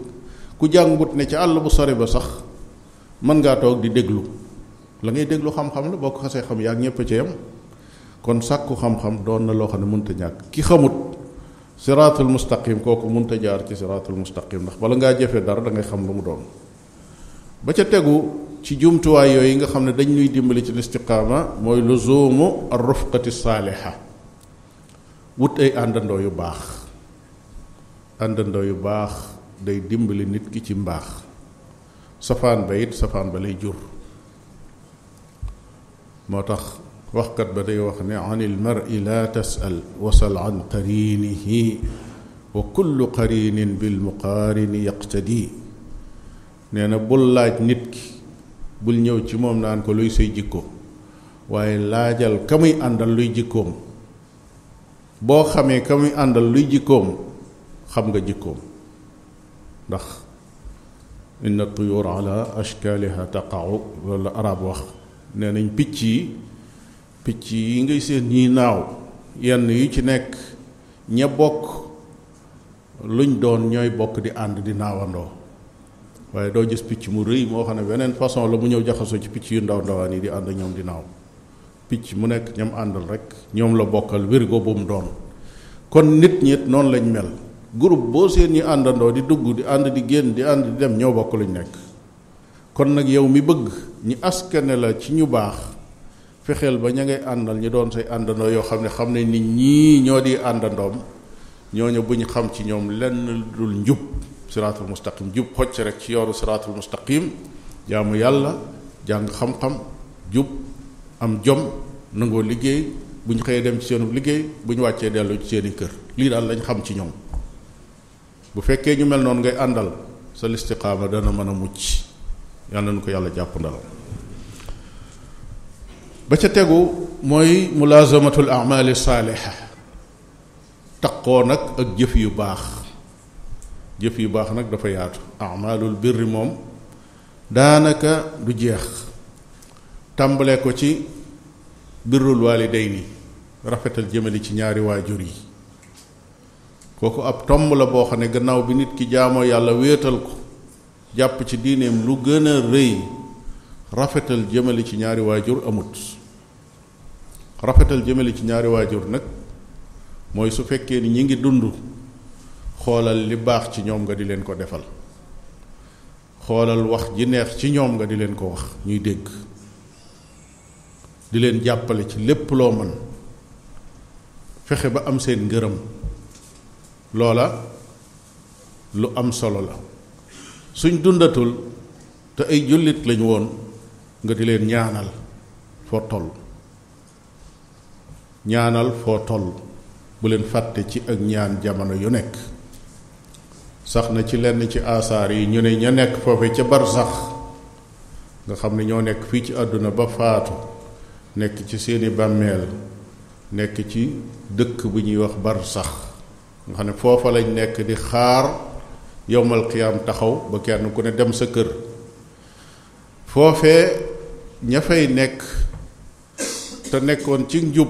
ku jàngut ne ca àll bu sore ba sax mën ngaa toog di déglu la ngay déglu xam-xam la boo ko xasee xam yaa ñépp ci yam kon sàkku xam-xam doon na loo xam ne mënta ñàkk ki xamut siraatul mustaqim kooku mënta jaar ci siraatul mustaqim ndax bala ngaa jëfee dara da ngay xam lu mu doon ba ca tegu ci jumtuwaay yooyu nga xam ne dañ dimbali ci listiqaama mooy luzumu arrufqati saaliha wut ay àndandoo yu baax àndandoo yu baax day dimbali nit ki ci mbaax safaan ba it safaan ba lay jur moo tax waxkat ba day wax ne an il mari la tasal wasal an qarinihi wa kullu qarinin bil muqaarini yaqtadi nee na bul laaj nit ki bul ñëw ci moom naan ko luy say jikko waaye laajal ka muy àndal luy jikkoom boo xamee ka muy àndal luy jikkoom xam nga jikkoom ndax inna tuyur ala ashkaliha taqaw loolu la arab wax nee nañ picc yi picc yi ngay seen ñiy naaw yenn yu ci nekk ña bokk luñ doon ñooy bokk di ànd di naawandoo waaye doo gis picc mu rëy moo xam ne beneen façon la mu ñëw jaxasoo ci picc yu ndaw ndawaan yi di ànd ñoom di naaw picc mu nekk ñam àndal rek ñoom la bokkal wirgo bu mu doon kon nit ñi noonu lañ mel groupe boo seen ñi àndandoo di dugg di ànd di génn di ànd di dem ñoo bokk luñ nekk kon nag yow mi bëgg ñi askane la ci ñu baax fexeel ba ña ngay àndal ñu doon say àndandoo yoo xam ne xam ne nit ñii ñoo di àndandoom ñooñu bu ñu xam ci ñoom lenn dul njub siraatul mustaqim jub xocc rek ci yoonu siraatul mustaqim jaamu yàlla jàng xam-xam jub am jom nangoo liggéey bu ñu xëyee dem ci seenu liggéey bu ñu wàccee dellu ci seeni kër lii daal lañ xam ci ñoom bu fekkee ñu mel noonu ngay àndal sa listiqaama dana mën a mucc yàlla na ko yàlla jàpp ndal ba ca tegu mooy mulaazamatul amali saaliha taqoo nag ak jëf yu baax jëf yu baax nag dafa yaatu amalul birri moom daanaka du jeex tàmbale ko ci birrul waalidayni rafetal jëmali ci ñaari waajur yi kooku ab tomb boo xam ne gannaaw bi nit ki jaamoo yàlla wéetal ko jàpp ci diineem lu gën a rëy rafetal jëmali ci ñaari waajur amut rafetal jëmali ci ñaari waajur nag mooy su fekkee ni ñu ngi dund xoolal li baax ci ñoom nga di leen ko defal xoolal wax ji neex ci ñoom nga di leen ko wax ñuy dégg di leen jàppale ci lépp loo mën fexe ba am seen ngërëm loola lu am solo la suñ dundatul te ay jullit lañ woon nga di leen ñaanal foo toll ñaanal foo toll bu leen fàtte ci ak ñaan jamono yu nekk sax na ci lenn ci aasaar yi ñu ne ña nekk foofe ca bar sax nga xam ne ñoo nekk fii ci àdduna ba faatu nekk ci seeni bàmmeel nekk ci dëkk bu ñuy wax bar sax nga xam ne foofa lañ nekk di xaar yowmal qiyaam taxaw ba kenn ku ne dem sa kër foofee ña fay nekk te nekkoon ci njub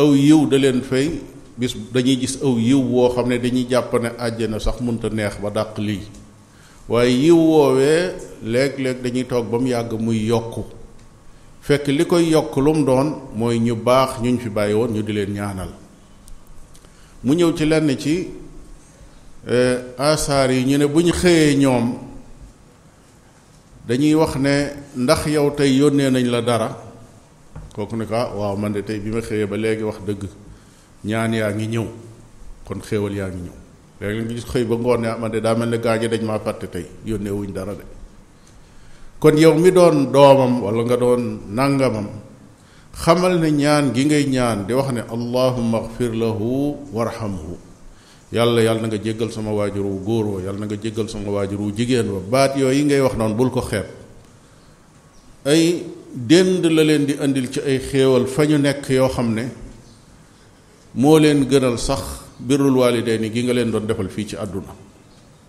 aw yiw da leen fay bis dañuy gis aw yiw woo xam ne dañuy jàpp ne àjjana sax mënta neex ba dàq lii waaye yiw woowee léeg-léeg dañuy toog ba mu yàgg muy yokk fekk li koy yokk lu mu doon mooy ñu baax ñu ñu fi bàyyi woon ñu di leen ñaanal mu ñëw ci lenn ci eh, asaar yi ñu ne bu ñu xëyee ñoom dañuy wax ne ndax yow tey yónnee nañ la dara kooku ne ah, waaw man de tey bi ma xëyee ba léegi wax dëgg ñaan yaa ngi ñëw kon xéewal yaa ngi ñëw léegi nga gis xëy ba ngoon ne ah, ma de daa mel ne gaañe dañ maa fàtte tey yónnee wuñ dara de kon yow mi doon doomam walla nga doon nàngamam xamal ne ñaan gi ngay ñaan di wax ne allahumma agfir lahu warhamhu yàlla yàlla na nga jéggal sama waajur wu góor yàlla na nga jéggal sama waajur wu jigéen wa baat yooyu ngay wax noonu bul ko xeeb ay dénd la leen di indil ci ay xéewal fa ñu nekk yoo xam ne moo leen gënal sax birrul waalidayni gi nga leen doon defal fii ci àdduna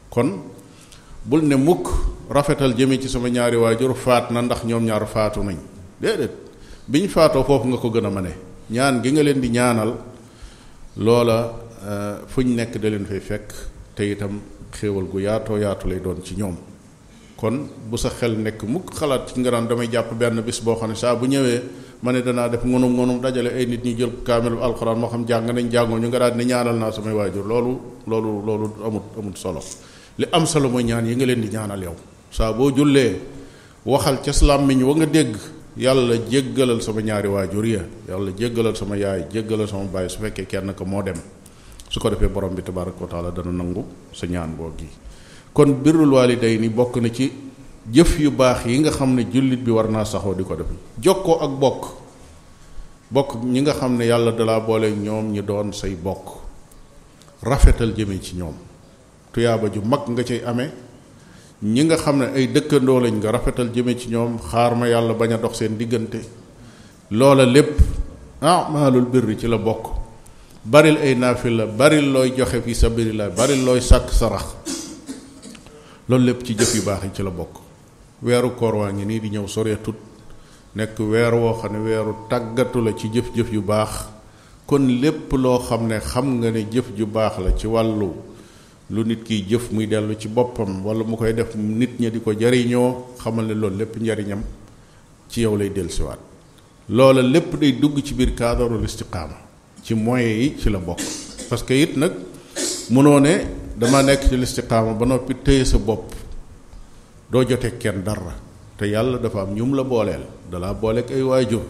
kon bul ne mukk rafetal jëme ci sama ñaari waajur faat na ndax ñoom ñaar faatu nañ déedéet bi ñu faatoo foofu nga ko gën a ne ñaan gi nga leen di ñaanal loola euh, fu ñu nekk da leen fay fekk te itam xéewal gu yaatoo yaatu lay doon ci ñoom kon bu sa xel nekk mukk xalaat ci nga naan damay jàpp benn bis boo xam ne saa bu ñëwee ma ne danaa def ngunum ngunum dajale ay nit ñi jël kaamelu alxuraan moo xam jàng nañ jàngoo ñu nga daal ne ñaanal naa samay waajur loolu loolu loolu amut amut solo li am solo mooy ñaan yi nga leen di ñaanal yow saa boo jullee waxal ca làmmiñ wa nga dégg yàlla jéggalal sama ñaari waajur ya yàlla jéggalal sama yaay jéggalal sama baay su fekkee kenn ko moo dem su ko defee borom bi tabaraka wa taala dana nangu sa ñaan boo yi kon birrul waalidayni bokk na ci jëf yu baax yi nga xam ne jullit bi war naa saxoo di ko def jokkoo ak bokk bokk ñi nga xam ne yàlla dalaa boole ñoom ñi doon say bokk rafetal jëme ci ñoom tuyaaba ju mag nga ci amee ñi nga xam ne ay dëkkandoo lañ nga rafetal jëme ci ñoom xaar ma yàlla bañ a dox seen diggante loola lépp amalul ah, birri ci la bokk baril ay naafi la baril looy joxe fi sabilillah baril looy sàkk sarax loolu lépp ci jëf yu baax yi ci la bokk weeru koor waa ngi nii di ñëw soreetut nekk weer woo xam ne weeru tàggatu la ci jëf-jëf yu baax kon lépp loo xam ne xam nga ne jëf ju baax la ci wàllu lu nit kiy jëf muy dellu ci boppam wala mu koy def nit ña di ko jariñoo xamal ne loolu lépp njariñam ci yow lay dellusiwaat loola lépp day dugg ci biir cadre istiqaama ci moyens yi ci la bokk parce que it nag mënoo ne dama nekk ci listiqaama ba noppi téye sa bopp doo jotee kenn dara te yàlla dafa am ñum la booleel dalaa booleeg ay waajur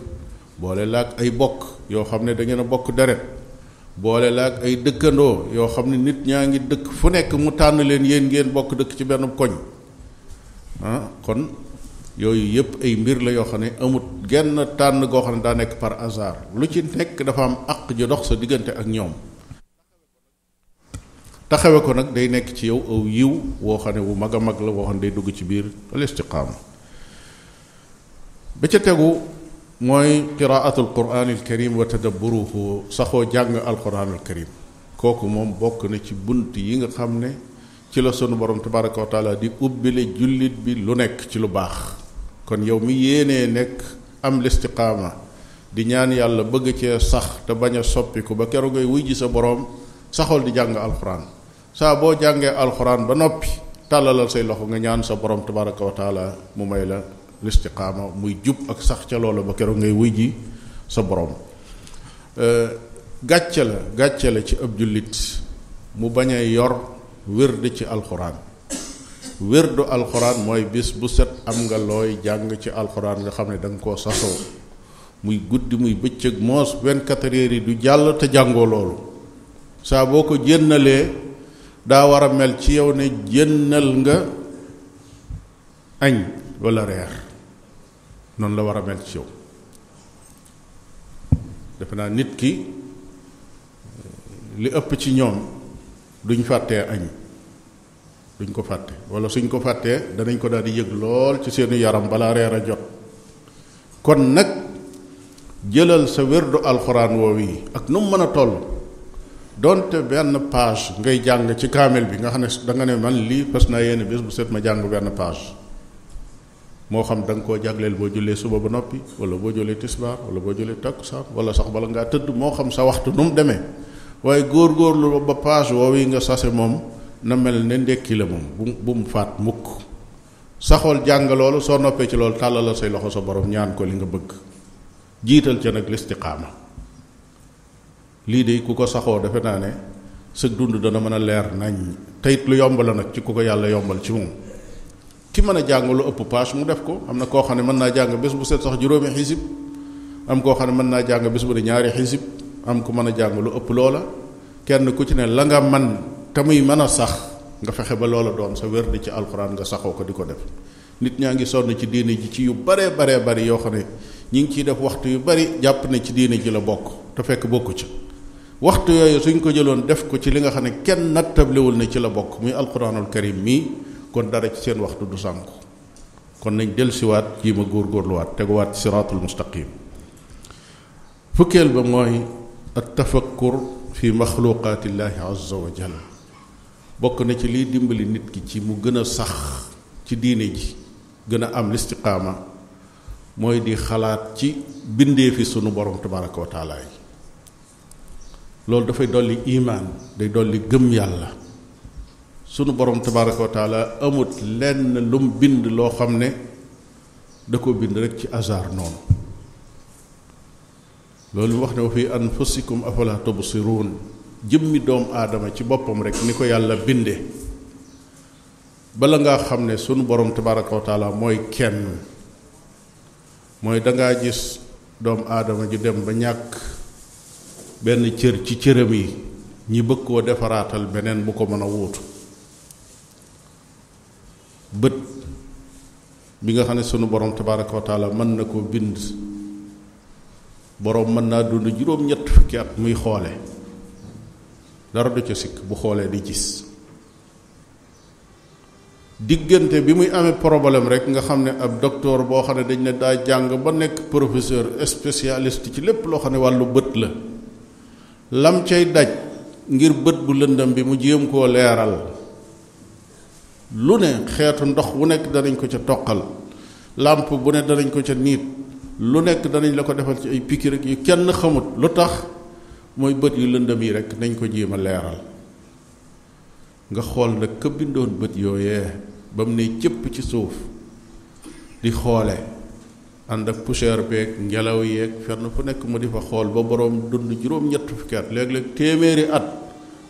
boole la ak ay bokk yoo xam ne da ngeen a bokk deret boole la ak ay dëkkandoo yoo xam ne nit ñaa ngi dëkk fu nekk mu tànn leen yéen ngeen bokk dëkk ci benn koñ ah kon yooyu yëpp ay mbir la yoo xam ne amut genn tànn goo xam ne daa nekk par hasard lu ci nekk dafa am àq ju dox sa diggante ak ñoom taxawe ko nag day nekk ci yow aw yiw woo xam ne wu mag a mag la woo xam ne day dugg ci biir al istiqaama ba ca tegu mooy qiraatul quraan al karim wa saxoo jàng al quraan al kooku moom bokk na ci bunt yi nga xam ne ci la sunu borom tabaraka wa taala di ubbile jullit bi lu nekk ci lu baax kon yow mi yéenee nekk am listiqaama di ñaan yàlla bëgg cee sax te bañ a soppiku ba keroog ngay wuy ji sa boroom saxool di jàng alxuraan saa boo jàngee alxuraan ba noppi tàllalal say loxo nga ñaan sa borom tabaraka wa mu may la listiqaama muy jub ak sax ca loola ba keroog ngay wuy ji sa borom euh, gàcce la gàcce la ci ab jullit mu bañ a yor wird ci alxuraan wirdu alxuraan mooy bis bu set am nga looy jàng ci alxuraan nga xam ne da nga koo sasoo muy guddi muy bëccëg moos vingt-quatre yi du jàll te jàngoo loolu saa boo ko jénnalee daa war a mel ci yow ne jënnal nga añ walla reer noonu la war a mel ci yow defe naa nit ki li ëpp ci ñoom duñ fàttee añ duñ ko fàtte walla suñ ko fàttee danañ ko daal di yëg lool ci seeni yaram balaa reer a jot kon nag jëlal sa wérdu alxuraan woowu yi ak nu mu mën a toll donte benn page ngay jàng ci kaamel bi nga xam ne da nga ne man lii fas naa yéene bés bu set ma jàng benn page moo xam danga nga koo jagleel boo jullee suba ba noppi wala boo jullee tisbaar wala boo jullee takkusaan wala sax bala ngaa tëdd moo xam sa waxtu nu mu demee waaye góor-góorlu ba page woowu yi nga sase moom na mel ne ndekki la moom bu bu mu faat mukk saxool jàng loolu soo noppee ci loolu tàllal say loxo sa boroom ñaan ko li nga bëgg jiital ca nag listiqaama lii de ku ko saxoo defe naa ne sa dund dana mën a leer nañ teyit lu yomb la nag ci ku ko yàlla yombal ci moom ki mën a jàng lu ëpp page mu def ko am na koo xam ne mën naa jàng bés bu set sax juróomi xisib am koo xam ne mën naa jàng bés bu ne ñaari xisib am ku mën a jàng lu ëpp loola kenn ku ci ne la nga man te muy mën a sax nga fexe ba loola doon sa wér di ci alxuraan nga saxoo ko di ko def nit ñaa ngi sonn ci diine ji ci yu baree baree bari yoo xam ne ñi ngi ciy def waxtu yu bari jàpp ne ci diine ji la bokk te fekk bokku ci waxtu yooyu suñ ko jëloon def ko ci li nga xam ne kenn nattablewul na ci la bokk muy alquranul karim mii kon dara ci seen waxtu du sànku kon nañ dellusiwaat jii ma góorluwaat teguwaat siraatul mustaqim fukkeel ba mooy at tafakkur fi maxluqaatillaahi azza wa bokk na ci liy dimbali nit ki ci mu gën a sax ci diine ji gën a am listiqaama mooy di xalaat ci bindee fi sunu borom tabaraka wa taala loolu dafay dolli imaan day dolli gëm yàlla sunu boroom tabaraka wa amut lenn lum bind loo xam ne da ko bind rek ci hasard noonu loolu mu wax ne wa fi anfusikum afala tubsiruun jëmmi doomu aadama ci boppam rek ni ko yàlla binde bala ngaa xam ne sunu borom tabaraka wa mooy kenn mooy dangaa gis doomu aadama ju dem ba ñàkk benn cër ci cëram yi ñi bëgg koo defaraatal beneen bu ko mën a wuutu bët bi nga xam ne sunu borom tabaraka wa taala mën na ko bind borom mën naa dund juróom-ñett fukki at muy xoole dara du ca sikk bu xoolee di gis diggante bi muy amee problème rek nga xam ne ab docteur boo xam ne dañ ne daa jàng ba nekk professeur spécialiste ci lépp loo xam ne wàllu bët la lam cay daj ngir bët bu lëndëm bi mu jéem koo leeral lu ne xeetu ndox wu nekk danañ ko ca toqal làmp bu ne danañ ko ca niit lu nekk danañ la ko defal ci ay pikir ak yu kenn xamut lu tax mooy bët yu lëndam yi rek nañ ko jéem a leeral nga xool nag ka bët yooyee ba mu ne cëpp ci suuf di xoole ànd ak poussière beeg ngelaw yeeg fenn fu nekk mu di fa xool ba boroom dund juróom-ñett fukki at léeg-léeg téeméeri at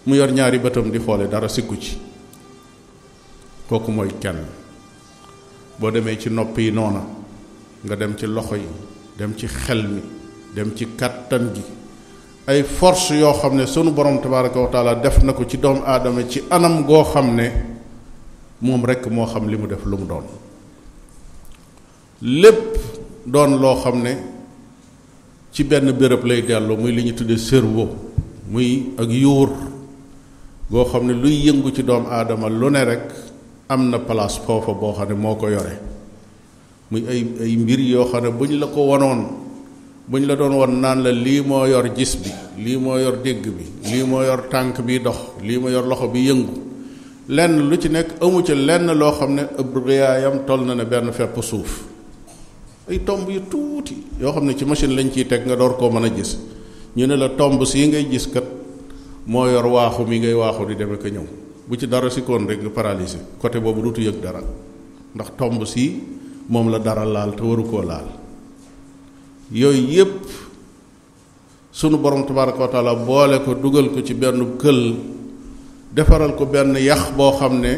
mu yor ñaari bëtam di xoole dara sikku ci kooku mooy kenn boo demee ci nopp yi noona nga dem ci loxo yi dem ci xel mi dem ci kàttan gi ay force yoo xam ne sunu borom tabaraka wa taala def na ko ci doomu aadama ci anam goo xam ne moom rekk moo xam li mu def lu mu doon lépp doon loo xam ne ci benn béréb lay dellu muy li ñu tuddee cerveau muy ak yuur goo xam ne luy yëngu ci doom aadama lu ne rek am na place foofa boo xam ne moo ko yore muy ay ay mbir yoo xam ne bu ñu la ko wanoon bu ñu la doon won naan la lii moo yor gis bi lii moo yor dégg bi lii moo yor tànk bi dox lii moo yor loxo bi yëngu lenn lu ci nekk amu ci lenn loo xam ne ëb riyaayam toll na ne benn fepp suuf ay tomb yu tuuti yoo xam ne ci machine lañ ciy teg nga door koo mën a gis ñu ne la tomb sii ngay gis kat moo yor waaxu mi ngay waaxu di deme ko ñëw bu ci dara si koon rek nga paralysé côté boobu dutu yëg dara ndax tomb sii moom la dara laal te waru koo laal yooyu yépp sunu borom tabaraka wa taala boole ko dugal ko ci benn kël defaral ko benn yax boo xam ne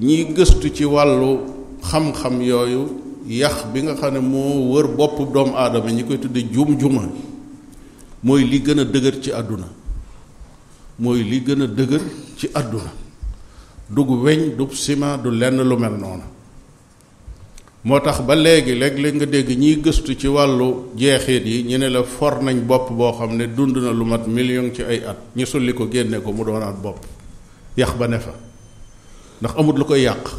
ñiy gëstu ci wàllu xam-xam yooyu yax bi nga xam ne moo wër boppu doomu aadama ñi koy tudde jum juma mooy li gën a dëgër ci àdduna mooy li gën a dëgër ci àdduna dug weñ du ciment du lenn lu mel noonu moo tax ba léegi léeg-léeg nga dégg ñiy gëstu ci wàllu jeexit yi ñu ne la for nañ bopp boo xam ne dund na lu mat million ci ay at ñu sulli ko génne ko mu doonaat bopp yax ba ne fa ndax amut lu ko yàq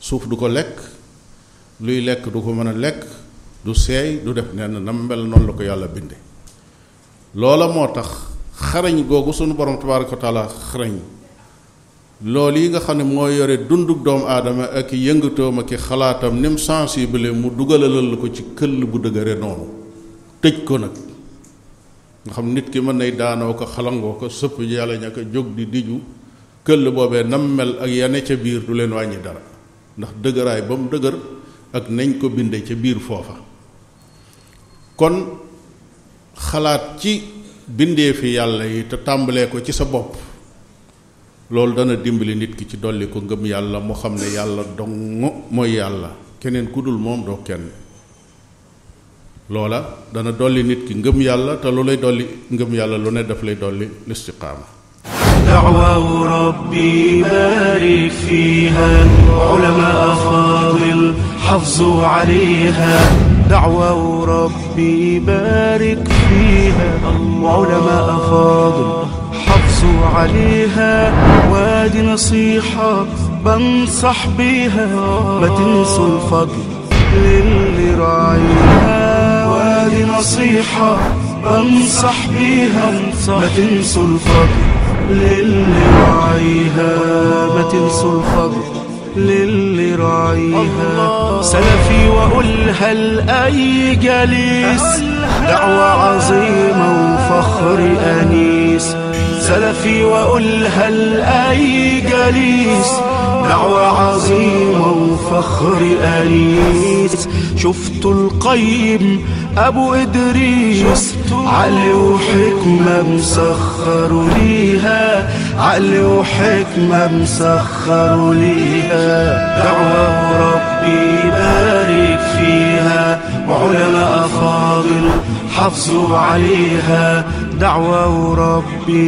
suuf du ko lekk luy lekk du ko mën a lekk du seey du def nenn na mel noonu la ko yàlla binde loola moo tax xarañ googu sunu borom tabaaraka wa taala xarañ loolu yi nga xam ne moo yore dunduk doom aadama ak yëngatoom ak xalaatam ni mu sensible mu dugalalal ko ci këll bu dëgëre noonu tëj ko nag nga xam nit ki mën nay daanoo ko xalangoo ko sëpp yàlla ña ko jóg di diju këll boobee nam mel ak ya ne ca biir du leen wàññi dara ndax dëgëraay ba mu dëgër ak nañ ko binde ca biir foofa kon xalaat ci bindee fi yàlla yi te tàmbalee ko ci sa bopp loolu dana dimbali nit ki ci dolli ko ngëm yàlla mu xam ne yàlla dong mooy yàlla keneen ku dul moom doo kenn loola dana dolli nit ki ngëm yàlla te lu lay dolli ngëm yàlla lu ne daf lay dolli listiqaama da'wa rabbi barik fiha ulama afadil والحفظ عليها دعوة وربي يبارك فيها علماء فاضل حافظوا عليها وادي نصيحة بنصح بيها ما تنسوا الفضل للي راعيها وادي نصيحة بنصح بيها ما تنسوا الفضل للي راعيها ما تنسوا الفضل للي راعيها سلفي وأقولها لأي جليس دعوة عظيمة وفخر أنيس سلفي وأقولها لأي جليس دعوى عظيمة وفخر أنيس شفت القيم أبو إدريس علي وحكمة مسخروا ليها علي وحكمة مسخروا ليها دعوة وربي يبارك فيها وعلماء فاضل حافظوا عليها دعوة وربي